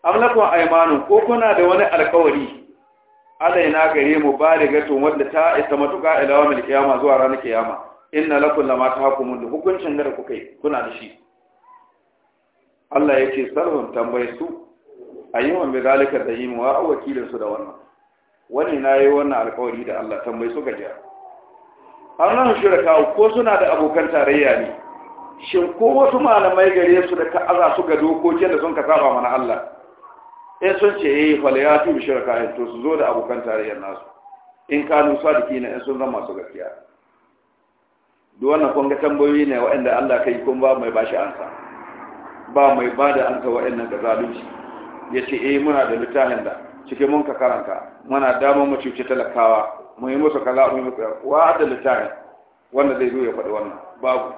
am lakum aymanun ko kuna da wani alƙawari alaina gare mu baligatun wadda ta isa matuƙa ilawa wa kiyama zuwa ranar kiyama inna lakum lama tahkumun da hukuncin da kuka yi kuna da shi Allah yake sarhun tambaye su wa bi zalika yi wa wakilin su da wannan wani nayi wannan alƙawari da Allah tambaye su gajiya Allah kawo ko suna da abokan tarayya ne shin ko wasu malamai gare su da ka aza su ga dokokin da sun ka saba mana Allah in eh, sun ce eh falayatu bi shirka eh, to su zo da abokan tarayyar nasu in kanu sadiki na in sun zama masu gaskiya duk wannan kun ga tambayoyi ne waɗanda Allah kai kun ba mai bashi ansa ba mai ba da ansa waɗannan da zalunci yace eh muna da littafin da cikin mun ka karanta muna damar mu cuce talakawa mu yi musu kaza mu yi musu wa da littafin wanda zai zo ya faɗi wannan babu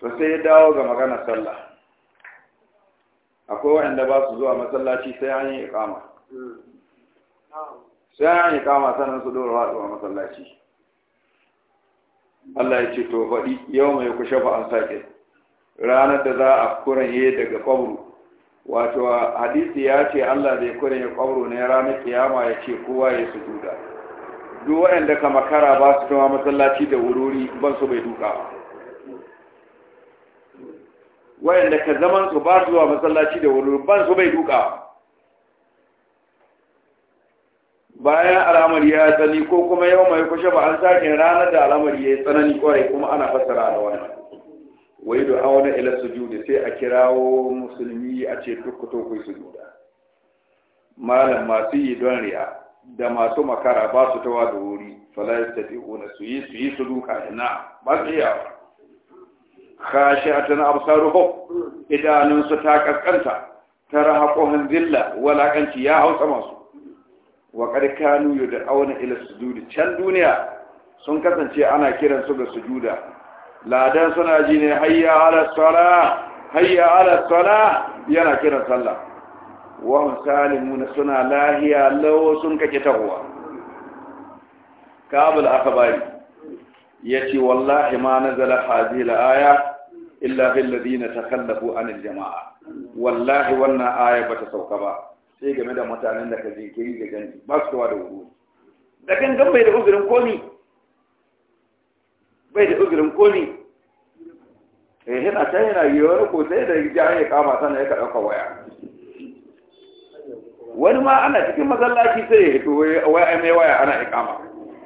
to sai ya dawo ga maganar sallah akwai waɗanda ba su zuwa masallaci sai an yi ikama sai an yi ikama sanan su dora zuwa masallaci Allah ya ce to faɗi yau mai ku shafa an sake ranar da za a kuranye daga kwabru wato hadisi ya ce Allah zai kuranye kwabru ne ranar kiyama ya ce kowa ya su duka. duk waɗanda ka makara ba su kama masallaci da wuri-wuri, ban su bai duka wayanda ka zaman su ba zuwa masallaci da wuri ban su bai duka bayan al'amari ya tsani ko kuma yau mai kushe ba an sake ranar da al'amari ya tsanani kwarai kuma ana fassara da wannan wai da auna ila sujudi sai a kirawo musulmi a ce tukkuto ku sujuda malam masu yi don riya da masu makara ba su tawa da wuri fi yastati'una su yi su yi su duka ina ba su khashi'atan absaruhum idanunsu ta kaskanta tara haquhan zilla wala kanci ya hausa masu wa qad kanu yud'auna ila sujudi can duniya sun kasance ana kiran su ga sujuda ladan suna ji ne hayya ala sala hayya ala sala yana kiran sallah wa hum suna lahiya law sun kake tahuwa kabul akabari yace wallahi ma nazala hadhihi al-aya illa bil ladina takallafu anil jama'a wallahi wannan aya bata sauka ba sai game da mutanen da ka jinkiri ga gani ba su da wuri da gangan bai da uzurin komi bai da uzurin komi eh yana ta yana yiwuwar ko sai da ya ya kama sana ya ka ɗauka waya wani ma ana cikin masallaci sai ya hito wai ai mai waya ana ikama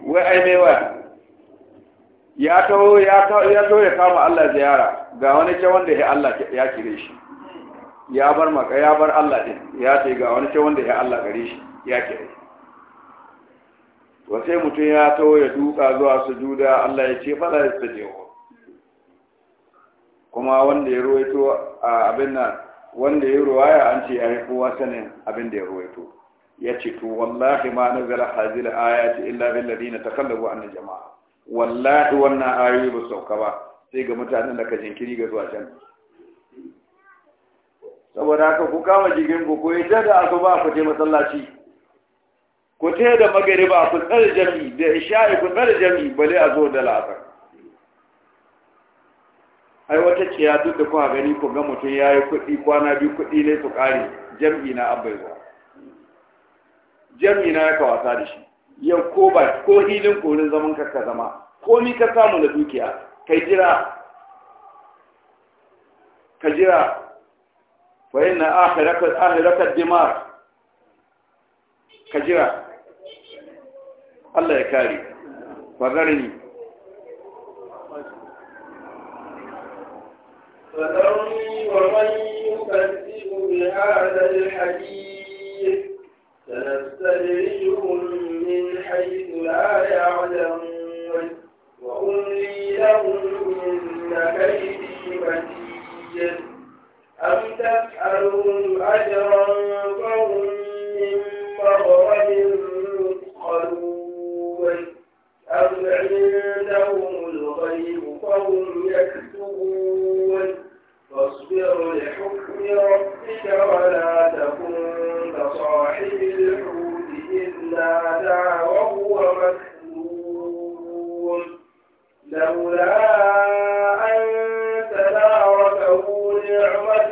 wai ai mai waya ya taho ya taho ya taho ya kama Allah ziyara ga wani ce wanda ya Allah ya kire shi ya bar maka ya bar Allah din ya ce ga wani ce wanda ya Allah gare shi ya kire wa sai mutum ya taho ya duka zuwa sujuda Allah ya ce fala yastajibu kuma wanda ya ruwaito a abin nan wanda ya ruwaya an ce ya yi kowa sanin abin da ya ruwaito ya ce to wallahi ma nazara hazil ayati illa bil ladina takallabu an jama'a wallahi wannan ayoyi ba sauka ba sai ga mutanen da ka jinkiri ga zuwa can saboda haka ku kama jigin ku ko ita da asuba ku je masallaci ku te da ba ku tsar jami da isha'i ku tsar jami bale a zo da la'asar ai wata ciya duk da kuma gani ku ga mutum ya yi kuɗi kwana biyu kuɗi ne su ƙare jami na abaiwa jami na ya wasa da shi yau ko ba ko hilin korin zaman ka zama ko ni ka samu na dukiya kai jira ka jira fa inna dimar ka jira Allah ya kare fagarni فذرني ومن يكذب بهذا الحديث سنستدرجهم من حيث لا يعلمون وأملي لهم إن كيدي متين أم تسألهم أجرا فهم من مغرم مثقلون أم عندهم الغيب فهم يكتبون فاصبر لحكم ربك ولا تكن كصاحب الحوت إذ نادى وهو مكذوب لولا أن تداركه نعمة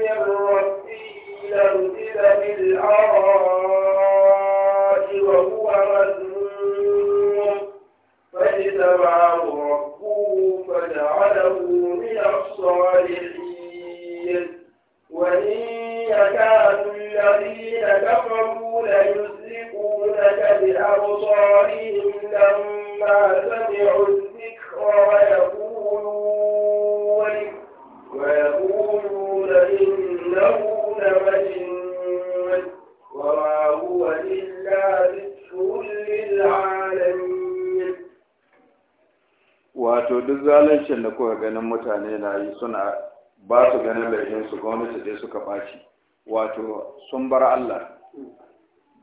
من ربه لنزل بالأراء وهو مذموم فاجتبعه ربه فجعله mutane na yi suna ba su ganin laifinsu gwamnati dai suka ɓaci wato sun bar Allah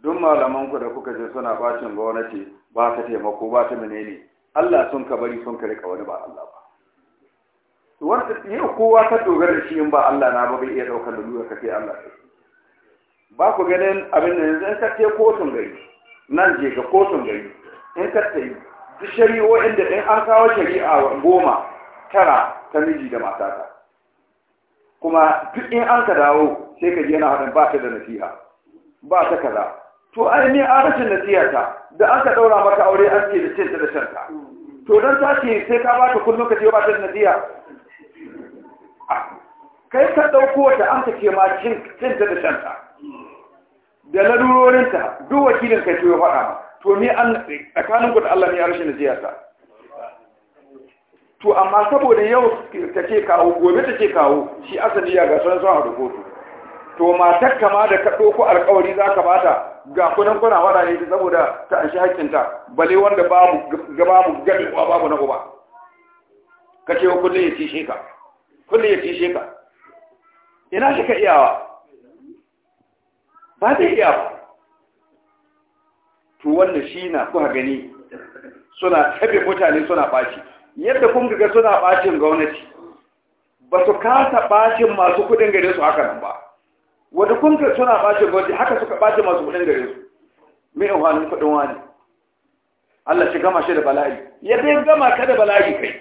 duk malamanku da kuka je suna bacin gwamnati ba ta taimako ba ta menene Allah sun ka bari sun ka rika wani ba Allah ba wanda yi kowa ka dogara da shi in ba Allah na ba bai iya daukar da lura ka sai Allah ba ku ganin abin da yanzu in ka ce kotun gari nan je ga kotun gari in ka tsayi duk shari'o'in da in an kawo shari'a goma tara ta miji da matata kuma duk in an ka dawo sai ka ji yana haɗin ba ta da nasiha ba ta kaza to ai ne arashin nasiha ta da an ka ɗaura maka aure an ce da cinta da shanta to don ta ce sai ka ba ta kullum ka ce ba ta da nasiha kai ka ɗauko wata an ka ce ma cinta da shanta da larurorinta duk wakilin ka ce ya faɗa to ni an tsakanin ku da Allah ne arashin rashin ta to amma saboda yau ta ce kawo gobe ta ce kawo shi asali ya ga sun son a rubutu to matar kama da ka ɗauko alkawari za ka bata ga kunan kuna wada ne saboda ta anshi hakkinta bale wanda babu babu gadewa babu na uba ka ce kullum ya shi ka kullum ya shi ka ina shi ka iyawa ba zai iya ba to wannan shi na kuka gani suna tabe mutane suna ɓaci yadda kun ga suna bacin gwamnati ba su kasa bacin masu kudin gare su haka nan ba wadda kun ga suna bacin gwamnati haka suka bacin masu kudin gare su mai wani kudin wani Allah shi gama shi da bala'i yadda ya gama ka da bala'i kai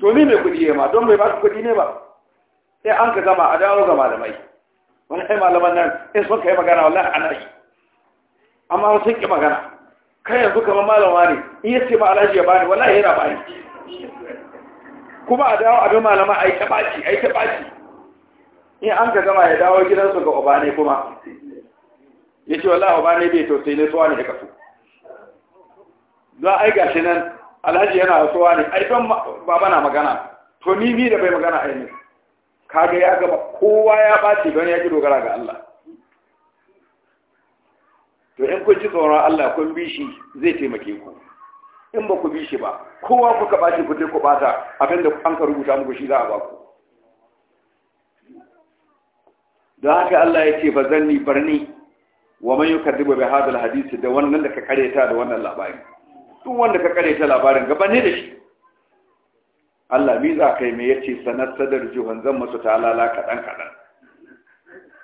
to ni mai kudi ma don bai ba su kudi ne ba sai an ka zama a dawo ga malamai wani kai malaman nan in sun kai magana wallahi ana yi amma sun ki magana kai yanzu kamar malama ne in ya ce ma alhaji ya bani wallahi yana bani kuma a dawo abin malama a yi ta baci a yi ta baci in an ka gama ya dawo gidansu ga obane kuma ya ce wallahi obane bai tausayi ne tsuwa ne da kasu don ai gashi nan alhaji yana tsuwa ne ai don baba na magana to ni bi da bai magana ai ne kaga ya gaba kowa ya baci don ya ki dogara ga Allah to in kun ci tsoron Allah kun bi shi zai taimake ku in ba ku bi shi ba kowa kuka ɓaci ku ku bata abinda an ka rubuta muku shi za a ba ku don haka Allah ya ce ba zan zanni barni wa man yukadibu bi hadal hadisi da wannan da ka kareta da wannan labarin. duk wanda ka kareta labarin gaba ne da shi Allah mi za kai me yace sanar sadar juhan zan masu talala kadan kadan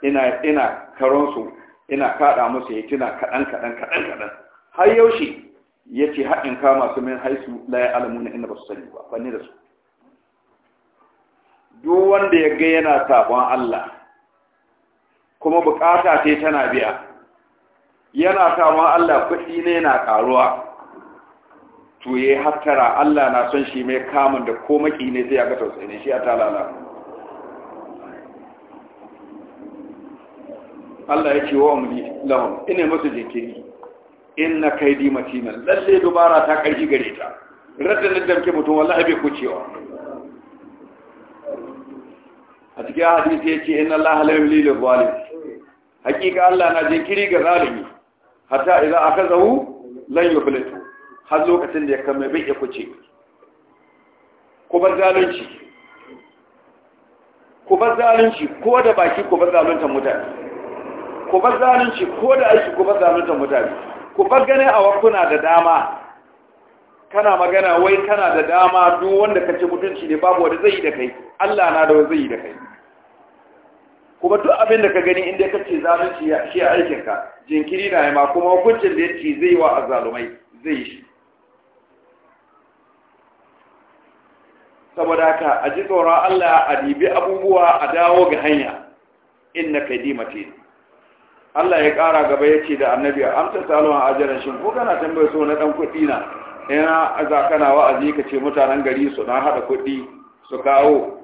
ina ina karon ina kaɗa musu ya tuna kaɗan kaɗan kaɗan kaɗan har yaushe ya ce haɗin kama su min haisu la ya alamu na ba su sani ba fanni da su duk wanda ya ga yana sabon Allah kuma bukata ce tana biya yana sabon Allah kuɗi ne na ƙaruwa to ya hattara Allah na son shi mai kamun da ko maki ne zai ya ga tausayi ne shi ya talala Allah ya ce wa amri lahum ina musu jinkiri inna kaidi matina lalle dubara ta karfi gare ta radda na damke mutum wallahi bai kucewa a cikin hadisi yake inna Allah la lil zalim hakika Allah na jinkiri ga zalimi hatta aka akazahu lan yuflitu har lokacin da ya kame bai ya kuce ku bar zalunci ku bar zalunci ko da baki ku bar zaluntar mutane ku bar zalunci ko da aiki ku bar zalunta mutane ku bar gane a wakuna da dama kana magana wai kana da dama duk wanda kace mutunci ne babu wanda zai yi da kai Allah na da zai yi da kai kuma duk abin da ka gani inda kace zalunci shi aikin ka jinkiri na ma kuma hukuncin da yake zai wa azalumai zai shi saboda haka a ji tsoron Allah a dibi abubuwa a dawo ga hanya innaka dimatin Allah ya ƙara gaba ya ce da annabi amsa a ajaran shi ko kana tambaye so na dan kuɗi na ina za kana wa'azi ka ce mutanen gari su na hada kuɗi su kawo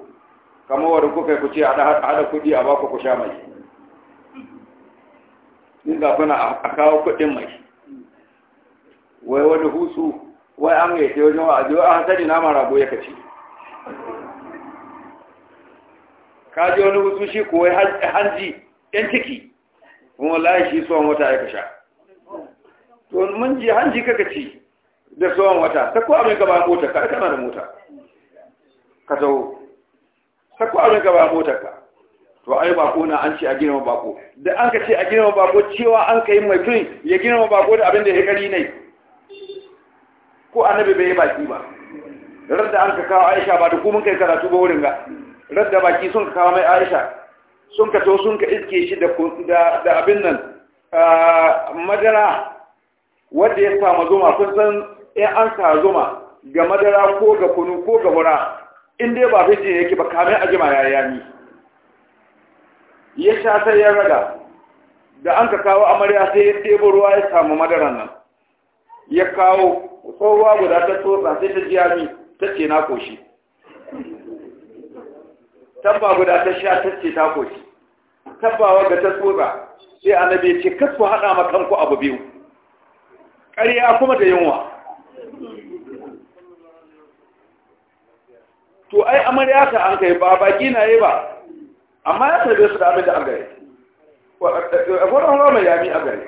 kamar wani kuka ku ce hada kuɗi a baku ku sha mai in ga kuna a kawo kuɗin mai wai wani husu wai an gaita wajen wa'azi wai an sani nama rago ya kace ka ji wani husu shi ko wai hanji yan ciki kuma layi shi tsohon wata ya kasha to mun ji hanji kaka ci da tsohon wata sako abin gaba mota ka kana da mota ka taho sako abin gaba mota ka to ai bako na an ce a gina bako da an ka ce a gina bako cewa an ka yi mai tun ya gina bako da abin da ya kari ne ko annabi bai yi baki ba radda an ka kawo aisha ba da kuma kai karatu ba wurin ga radda baki sun ka kawo mai aisha sun ka to sun ka iske shi da abin nan madara wadda ya samu zuma sun san in an sa zuma ga madara ko ga kunu ko ga wura in dai ba fiji yake ba kamin a jima ya yami ya sha sai ya raga da an ka kawo amarya sai ya tebo ruwa ya samu madaran nan ya kawo tsohuwa guda ta tsotsa sai ta ji yami ta ce na koshi tabba guda ta sha ta ce ta koshi tabbawa ga ta tsotsa sai annabi ya ce kasu haɗa ma kanku abu biyu ƙarya kuma da yunwa to ai amarya ta an kai ba baki na yi ba amma ya tarbe su da abin da an gari wani horo mai yami a gari.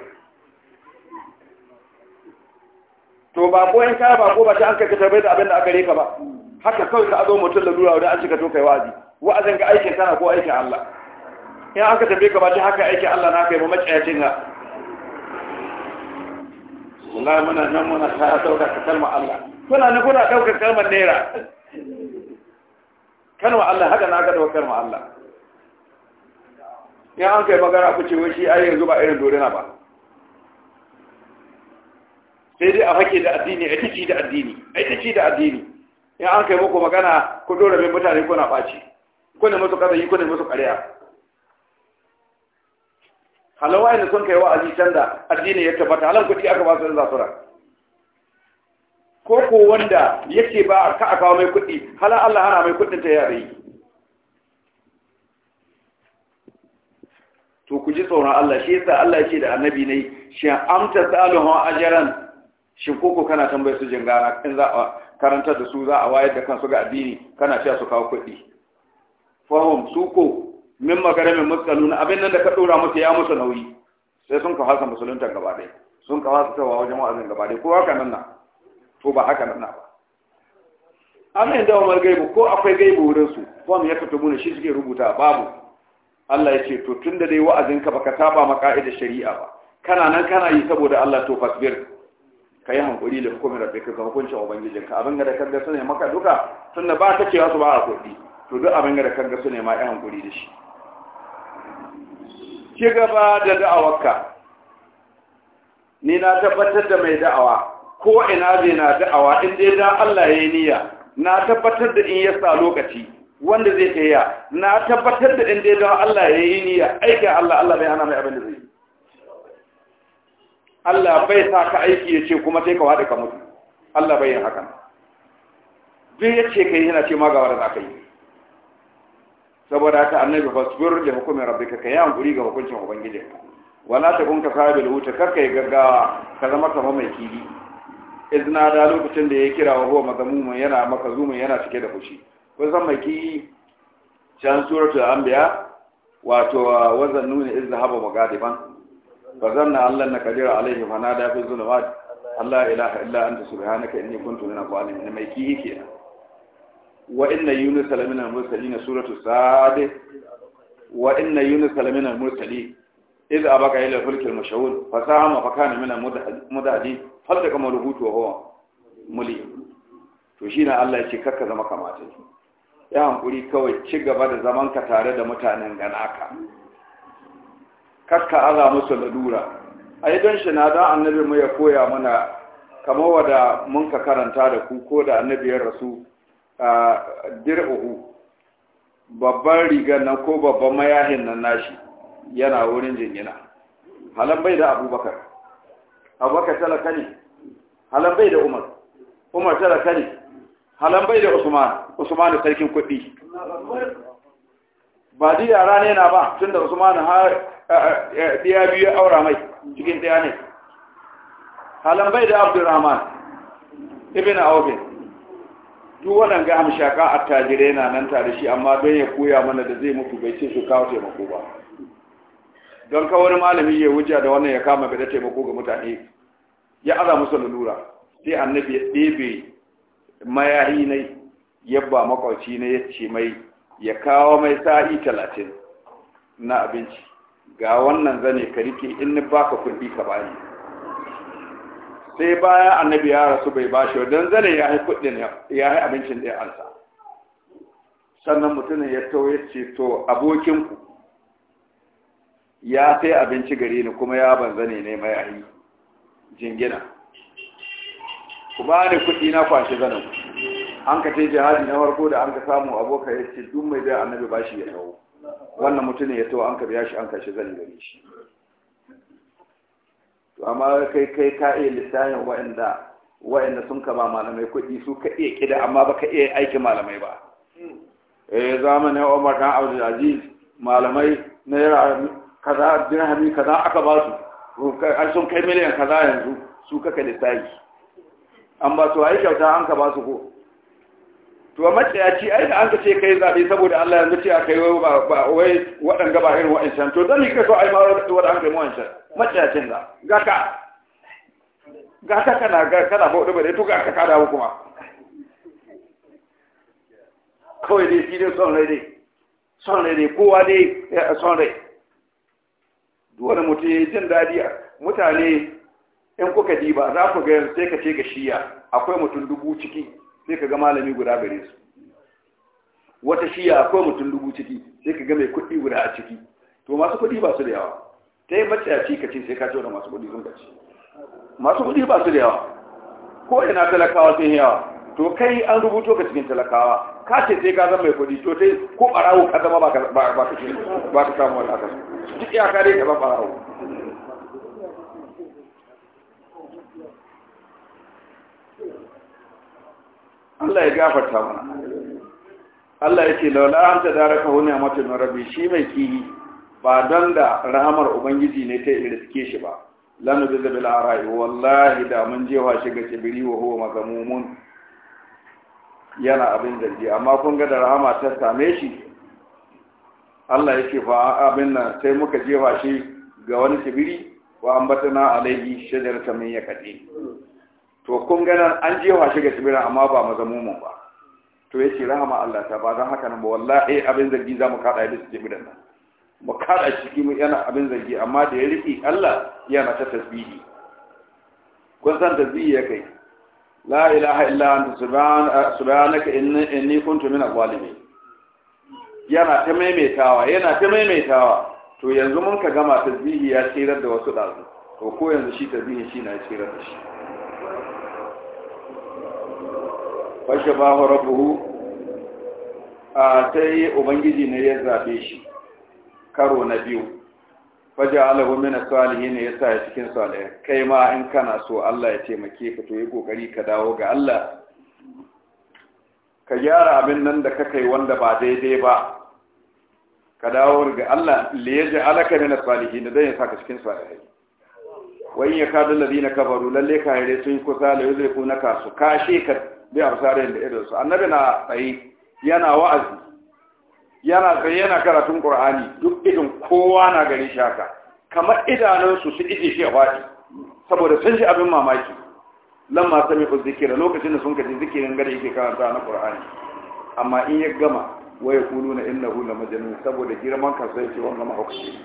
to ba ko in kaya ba ko ba ta an kai ka tarbe da abin da an gare ka ba haka kawai ka azo mutum da lura wadda an cika to kai wazi wa'azin ga aikin sana ko aikin Allah in aka tafi ka ba ta haka aiki Allah na kai ba macayacin ga Allah muna nan muna ta dauka kalmar Allah kuna ne kuna dauka kalmar naira kalmar Allah haka na ga dauka kalmar Allah ya an kai magana ku ce wai shi ai yanzu ba irin dorina ba sai dai a fake da addini a tici da addini a tici da addini in an kai muku magana ku dora min mutane kuna ɓaci kuna musu kaza yi kuna musu ƙarya halawa ne sun kai wa'azi can da addini ya tabbata halan kuɗi aka ba su da zafura ko ko wanda yake ba ka a kawo mai kuɗi halan Allah hana mai kuɗin ta yare to ku ji tsoron Allah shi yasa Allah yake da annabi ne shi amta saluhu ajran shi koko kana tambaye su jingana in za a karanta da su za a wayar da kansu ga addini kana cewa su kawo kuɗi fahim su ko min magaramin muskaluna abin nan da ka dora musu ya musu nauyi sai sun ka hasa musulunta gaba ɗaya sun ka ta tawa wajen wa'azin gaba ɗaya ko haka nan na to ba haka nan na ba amin da umar gaibu ko akwai gaibu wurin su ko ya fito mun shi suke rubuta babu Allah ya ce to tunda dai wa'azin ka baka saba ma ka'idar shari'a ba kana nan kana yi saboda Allah to fasbir ka yi hankuri da hukumin rabbika ga hukuncin ubangijinka abin da kaga sune maka duka tunda ba ta cewa su ba a kuɗi to duk abin da kaga sune ma ai hankuri da shi ci gaba da da'awarka ni na tabbatar da mai da'awa ko ina zai na da'awa in dai da Allah ya yi niyya na tabbatar da in ya sa lokaci wanda zai tayya na tabbatar da in dai da Allah ya yi niyya aikin Allah Allah bai hana mai abin da zai Allah bai sa ka aiki ya ce kuma sai ka wada ka mutu Allah bai yin hakan duk ya ce kai yana ce ma ga wanda za ka yi saboda haka annabi fasbir da hukumin rabbika ka yi guri ga hukuncin ubangiji wala ta kunka sabil wuta karka yi gaggawa ka zama kamar mai kidi izna da lokacin da ya kira wa huwa mazamuman yana zuma yana cike da fushi kusan mai kidi can suratul anbiya wato wazan nuna iz zahaba magadiban fa zanna Allah na kadira alaihi fa nada fi zulumat Allah ilaha illa anta subhanaka inni kuntu min al-zalimin mai kidi kenan wa inna yunus lamina mursalin suratu sad wa inna yunus lamina mursalin إذ أبقى إلى الفلك المشعول فساهم فكان من المدهدين فلتك ملهوت وهو Muli. to shine Allah ya ce kakka zama kamata ya hankuri kawai ci gaba da zaman ka tare da mutanen ganaka kakka aza musu lalura a yi don shi na da annabi mu ya koya mana kamar wada mun ka karanta da ku ko da annabiyar rasu dir'uhu babban riga nan ko babban mayahin nan nashi yana wurin jingina halan bai da abubakar abubakar talaka ne halan bai da umar umar talaka ne halan bai da usman usman da sarkin kuɗi ba di yara ne na ba tun da usman har ɗaya biyu aura mai cikin ɗaya ne halan bai da abdurrahman ibn awfin duk wannan ga amshaka attajirai na nan tare shi amma don ya koya mana da zai mutu bai ce su kawo taimako ba don ka wani malami ya wuce da wannan ya kama bai da taimako ga mutane ya aza musu lalura sai annabi ya ɗebe mayahi ne yabba makwauci ne ya ce mai ya kawo mai sa'i talatin na abinci ga wannan zane ka rike in ni baka kuɗi ka bani sai bayan annabi ya rasu bai ba shi don zane ya yi kudin ya yi abincin da ya ansa sannan mutumin ya tau ya ce to abokinku ya sai abinci gare ni kuma ya ban zane ne mai ahi jingina ku ba ni kudi na kwashe zanen an ka teji jihadi na farko da an ka samu abokan ya ce duk mai biya annabi ba shi ya tau wannan mutumin ya tau an ka biya shi an kashe zane gare shi to amma kai kai ka iya lissafin waɗanda waɗanda sun ka ba malamai kuɗi su ka iya kida amma ba ka iya aikin malamai ba eh zamanin Umar dan Abdul Aziz malamai naira kaza dirhami kaza aka ba su har sun kai miliyan kaza yanzu su kaka lissafi an ba su ai kyauta an ka ba su ko to ci ai da an ka ce kai zaɓe saboda Allah yanzu ce a wai ba wai waɗanga ba irin wa'ancan to dan ka so ai ma da an kai mu wa'ancan maciyacin da gaka gaka kana kana bauɗe ba dai to gaka ka dawo kuma kawai dai shi dai son rai dai son rai dai kowa dai eh, son rai duwane mutum ya jin daɗi mutane in kuka diba za ku ga sai ka ce ga shiya akwai mutum dubu ciki sai ka ga malami guda gare su wata shiya akwai mutum dubu ciki sai ka ga mai kuɗi guda a ciki to masu kuɗi ba su da yawa ta yi mace a ka ce sai ka ce da masu kuɗi sun gaci masu kuɗi ba su da yawa ko ina talakawa sun yawa to kai an rubuto ka cikin talakawa ka ce sai ka zama mai kuɗi to sai ko ɓarawo ka zama ba ka samu wani haka duk iyaka dai ka ɓarawo Allah ya gafarta mana Allah ya ce laula an ta daraka wani a matan rabi shi mai kihi ba don da rahamar ubangiji ne ta irske shi ba lanu bi zabil ara'i wallahi da mun je shi ga kibiri wa huwa mazamumun yana abin zargi amma kun ga da rahama ta same shi Allah ya ce fa abin nan sai muka jefa shi ga wani kibiri wa ambatana alaihi shajaratan min yaqati to kun gana an je wa shiga tsibirin amma ba mazamumin ba to yace rahama Allah ta ba don haka nan ba wallahi eh, abin zargi za mu kada da tsibirin nan mu kada shi mu yana abin zargi amma da ya riki Allah yana ta tasbihi kun san tasbihi ya kai la ilaha illa anta subhanaka inni inni kuntu min zalimin yana ta maimaitawa yana ta maimaitawa to yanzu mun ka gama tasbihi ya tsirar da wasu dazu to ko yanzu shi tasbihi shi na tsirar da shi fashabahu rabbuhu a sai ubangiji ne ya zabe shi karo na biyu faja alahu min salihin ne sa ya cikin salih kai ma in kana so Allah ya taimake ka to yi kokari ka dawo ga Allah ka gyara abin nan da kakai wanda ba daidai ba ka dawo ga Allah liyaji alaka min salihin da ya saka cikin salih wai ya kada ladina kafaru lalle ka hare sun kusa la yuzriku ka su kashe ka bi absarin da irinsu annabi na tsaye yana wa'azi yana tsaye yana karatun qur'ani duk irin kowa na gari shaka kamar idanunsu su ije shi a faɗi saboda sun shi abin mamaki lamma sami ku zikira lokacin da sun kaji zikirin gari yake karanta na qur'ani amma in ya gama waya kulu na innahu la majnun saboda girman kansa yake wannan mahaukaci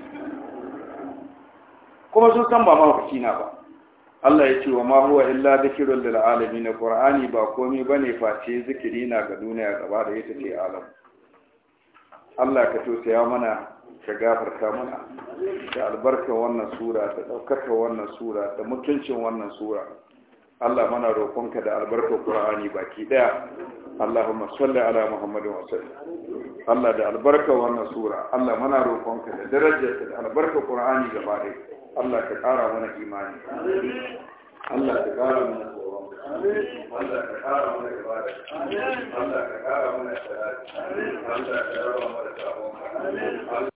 kuma sun san ba mahaukaci na ba Allah ya ce wa ma huwa illa dhikrul lil alamin Qur'ani ba komai bane face zikiri na ga duniya gaba da ita ce alam Allah ka tausaya mana ka gafarta mana da albarkar wannan sura da ɗaukaka wannan sura da mutuncin wannan sura Allah mana roƙonka da albarkar Qur'ani baki daya Allahumma salli ala Muhammadin wa sallim Allah da albarkar wannan sura Allah mana roƙonka da darajarta da albarkar Qur'ani gaba daya Allah ka ƙara mana imani Allah ka ƙara mana Allah ka ƙara mana ibada Allah ka ƙara mana ka raba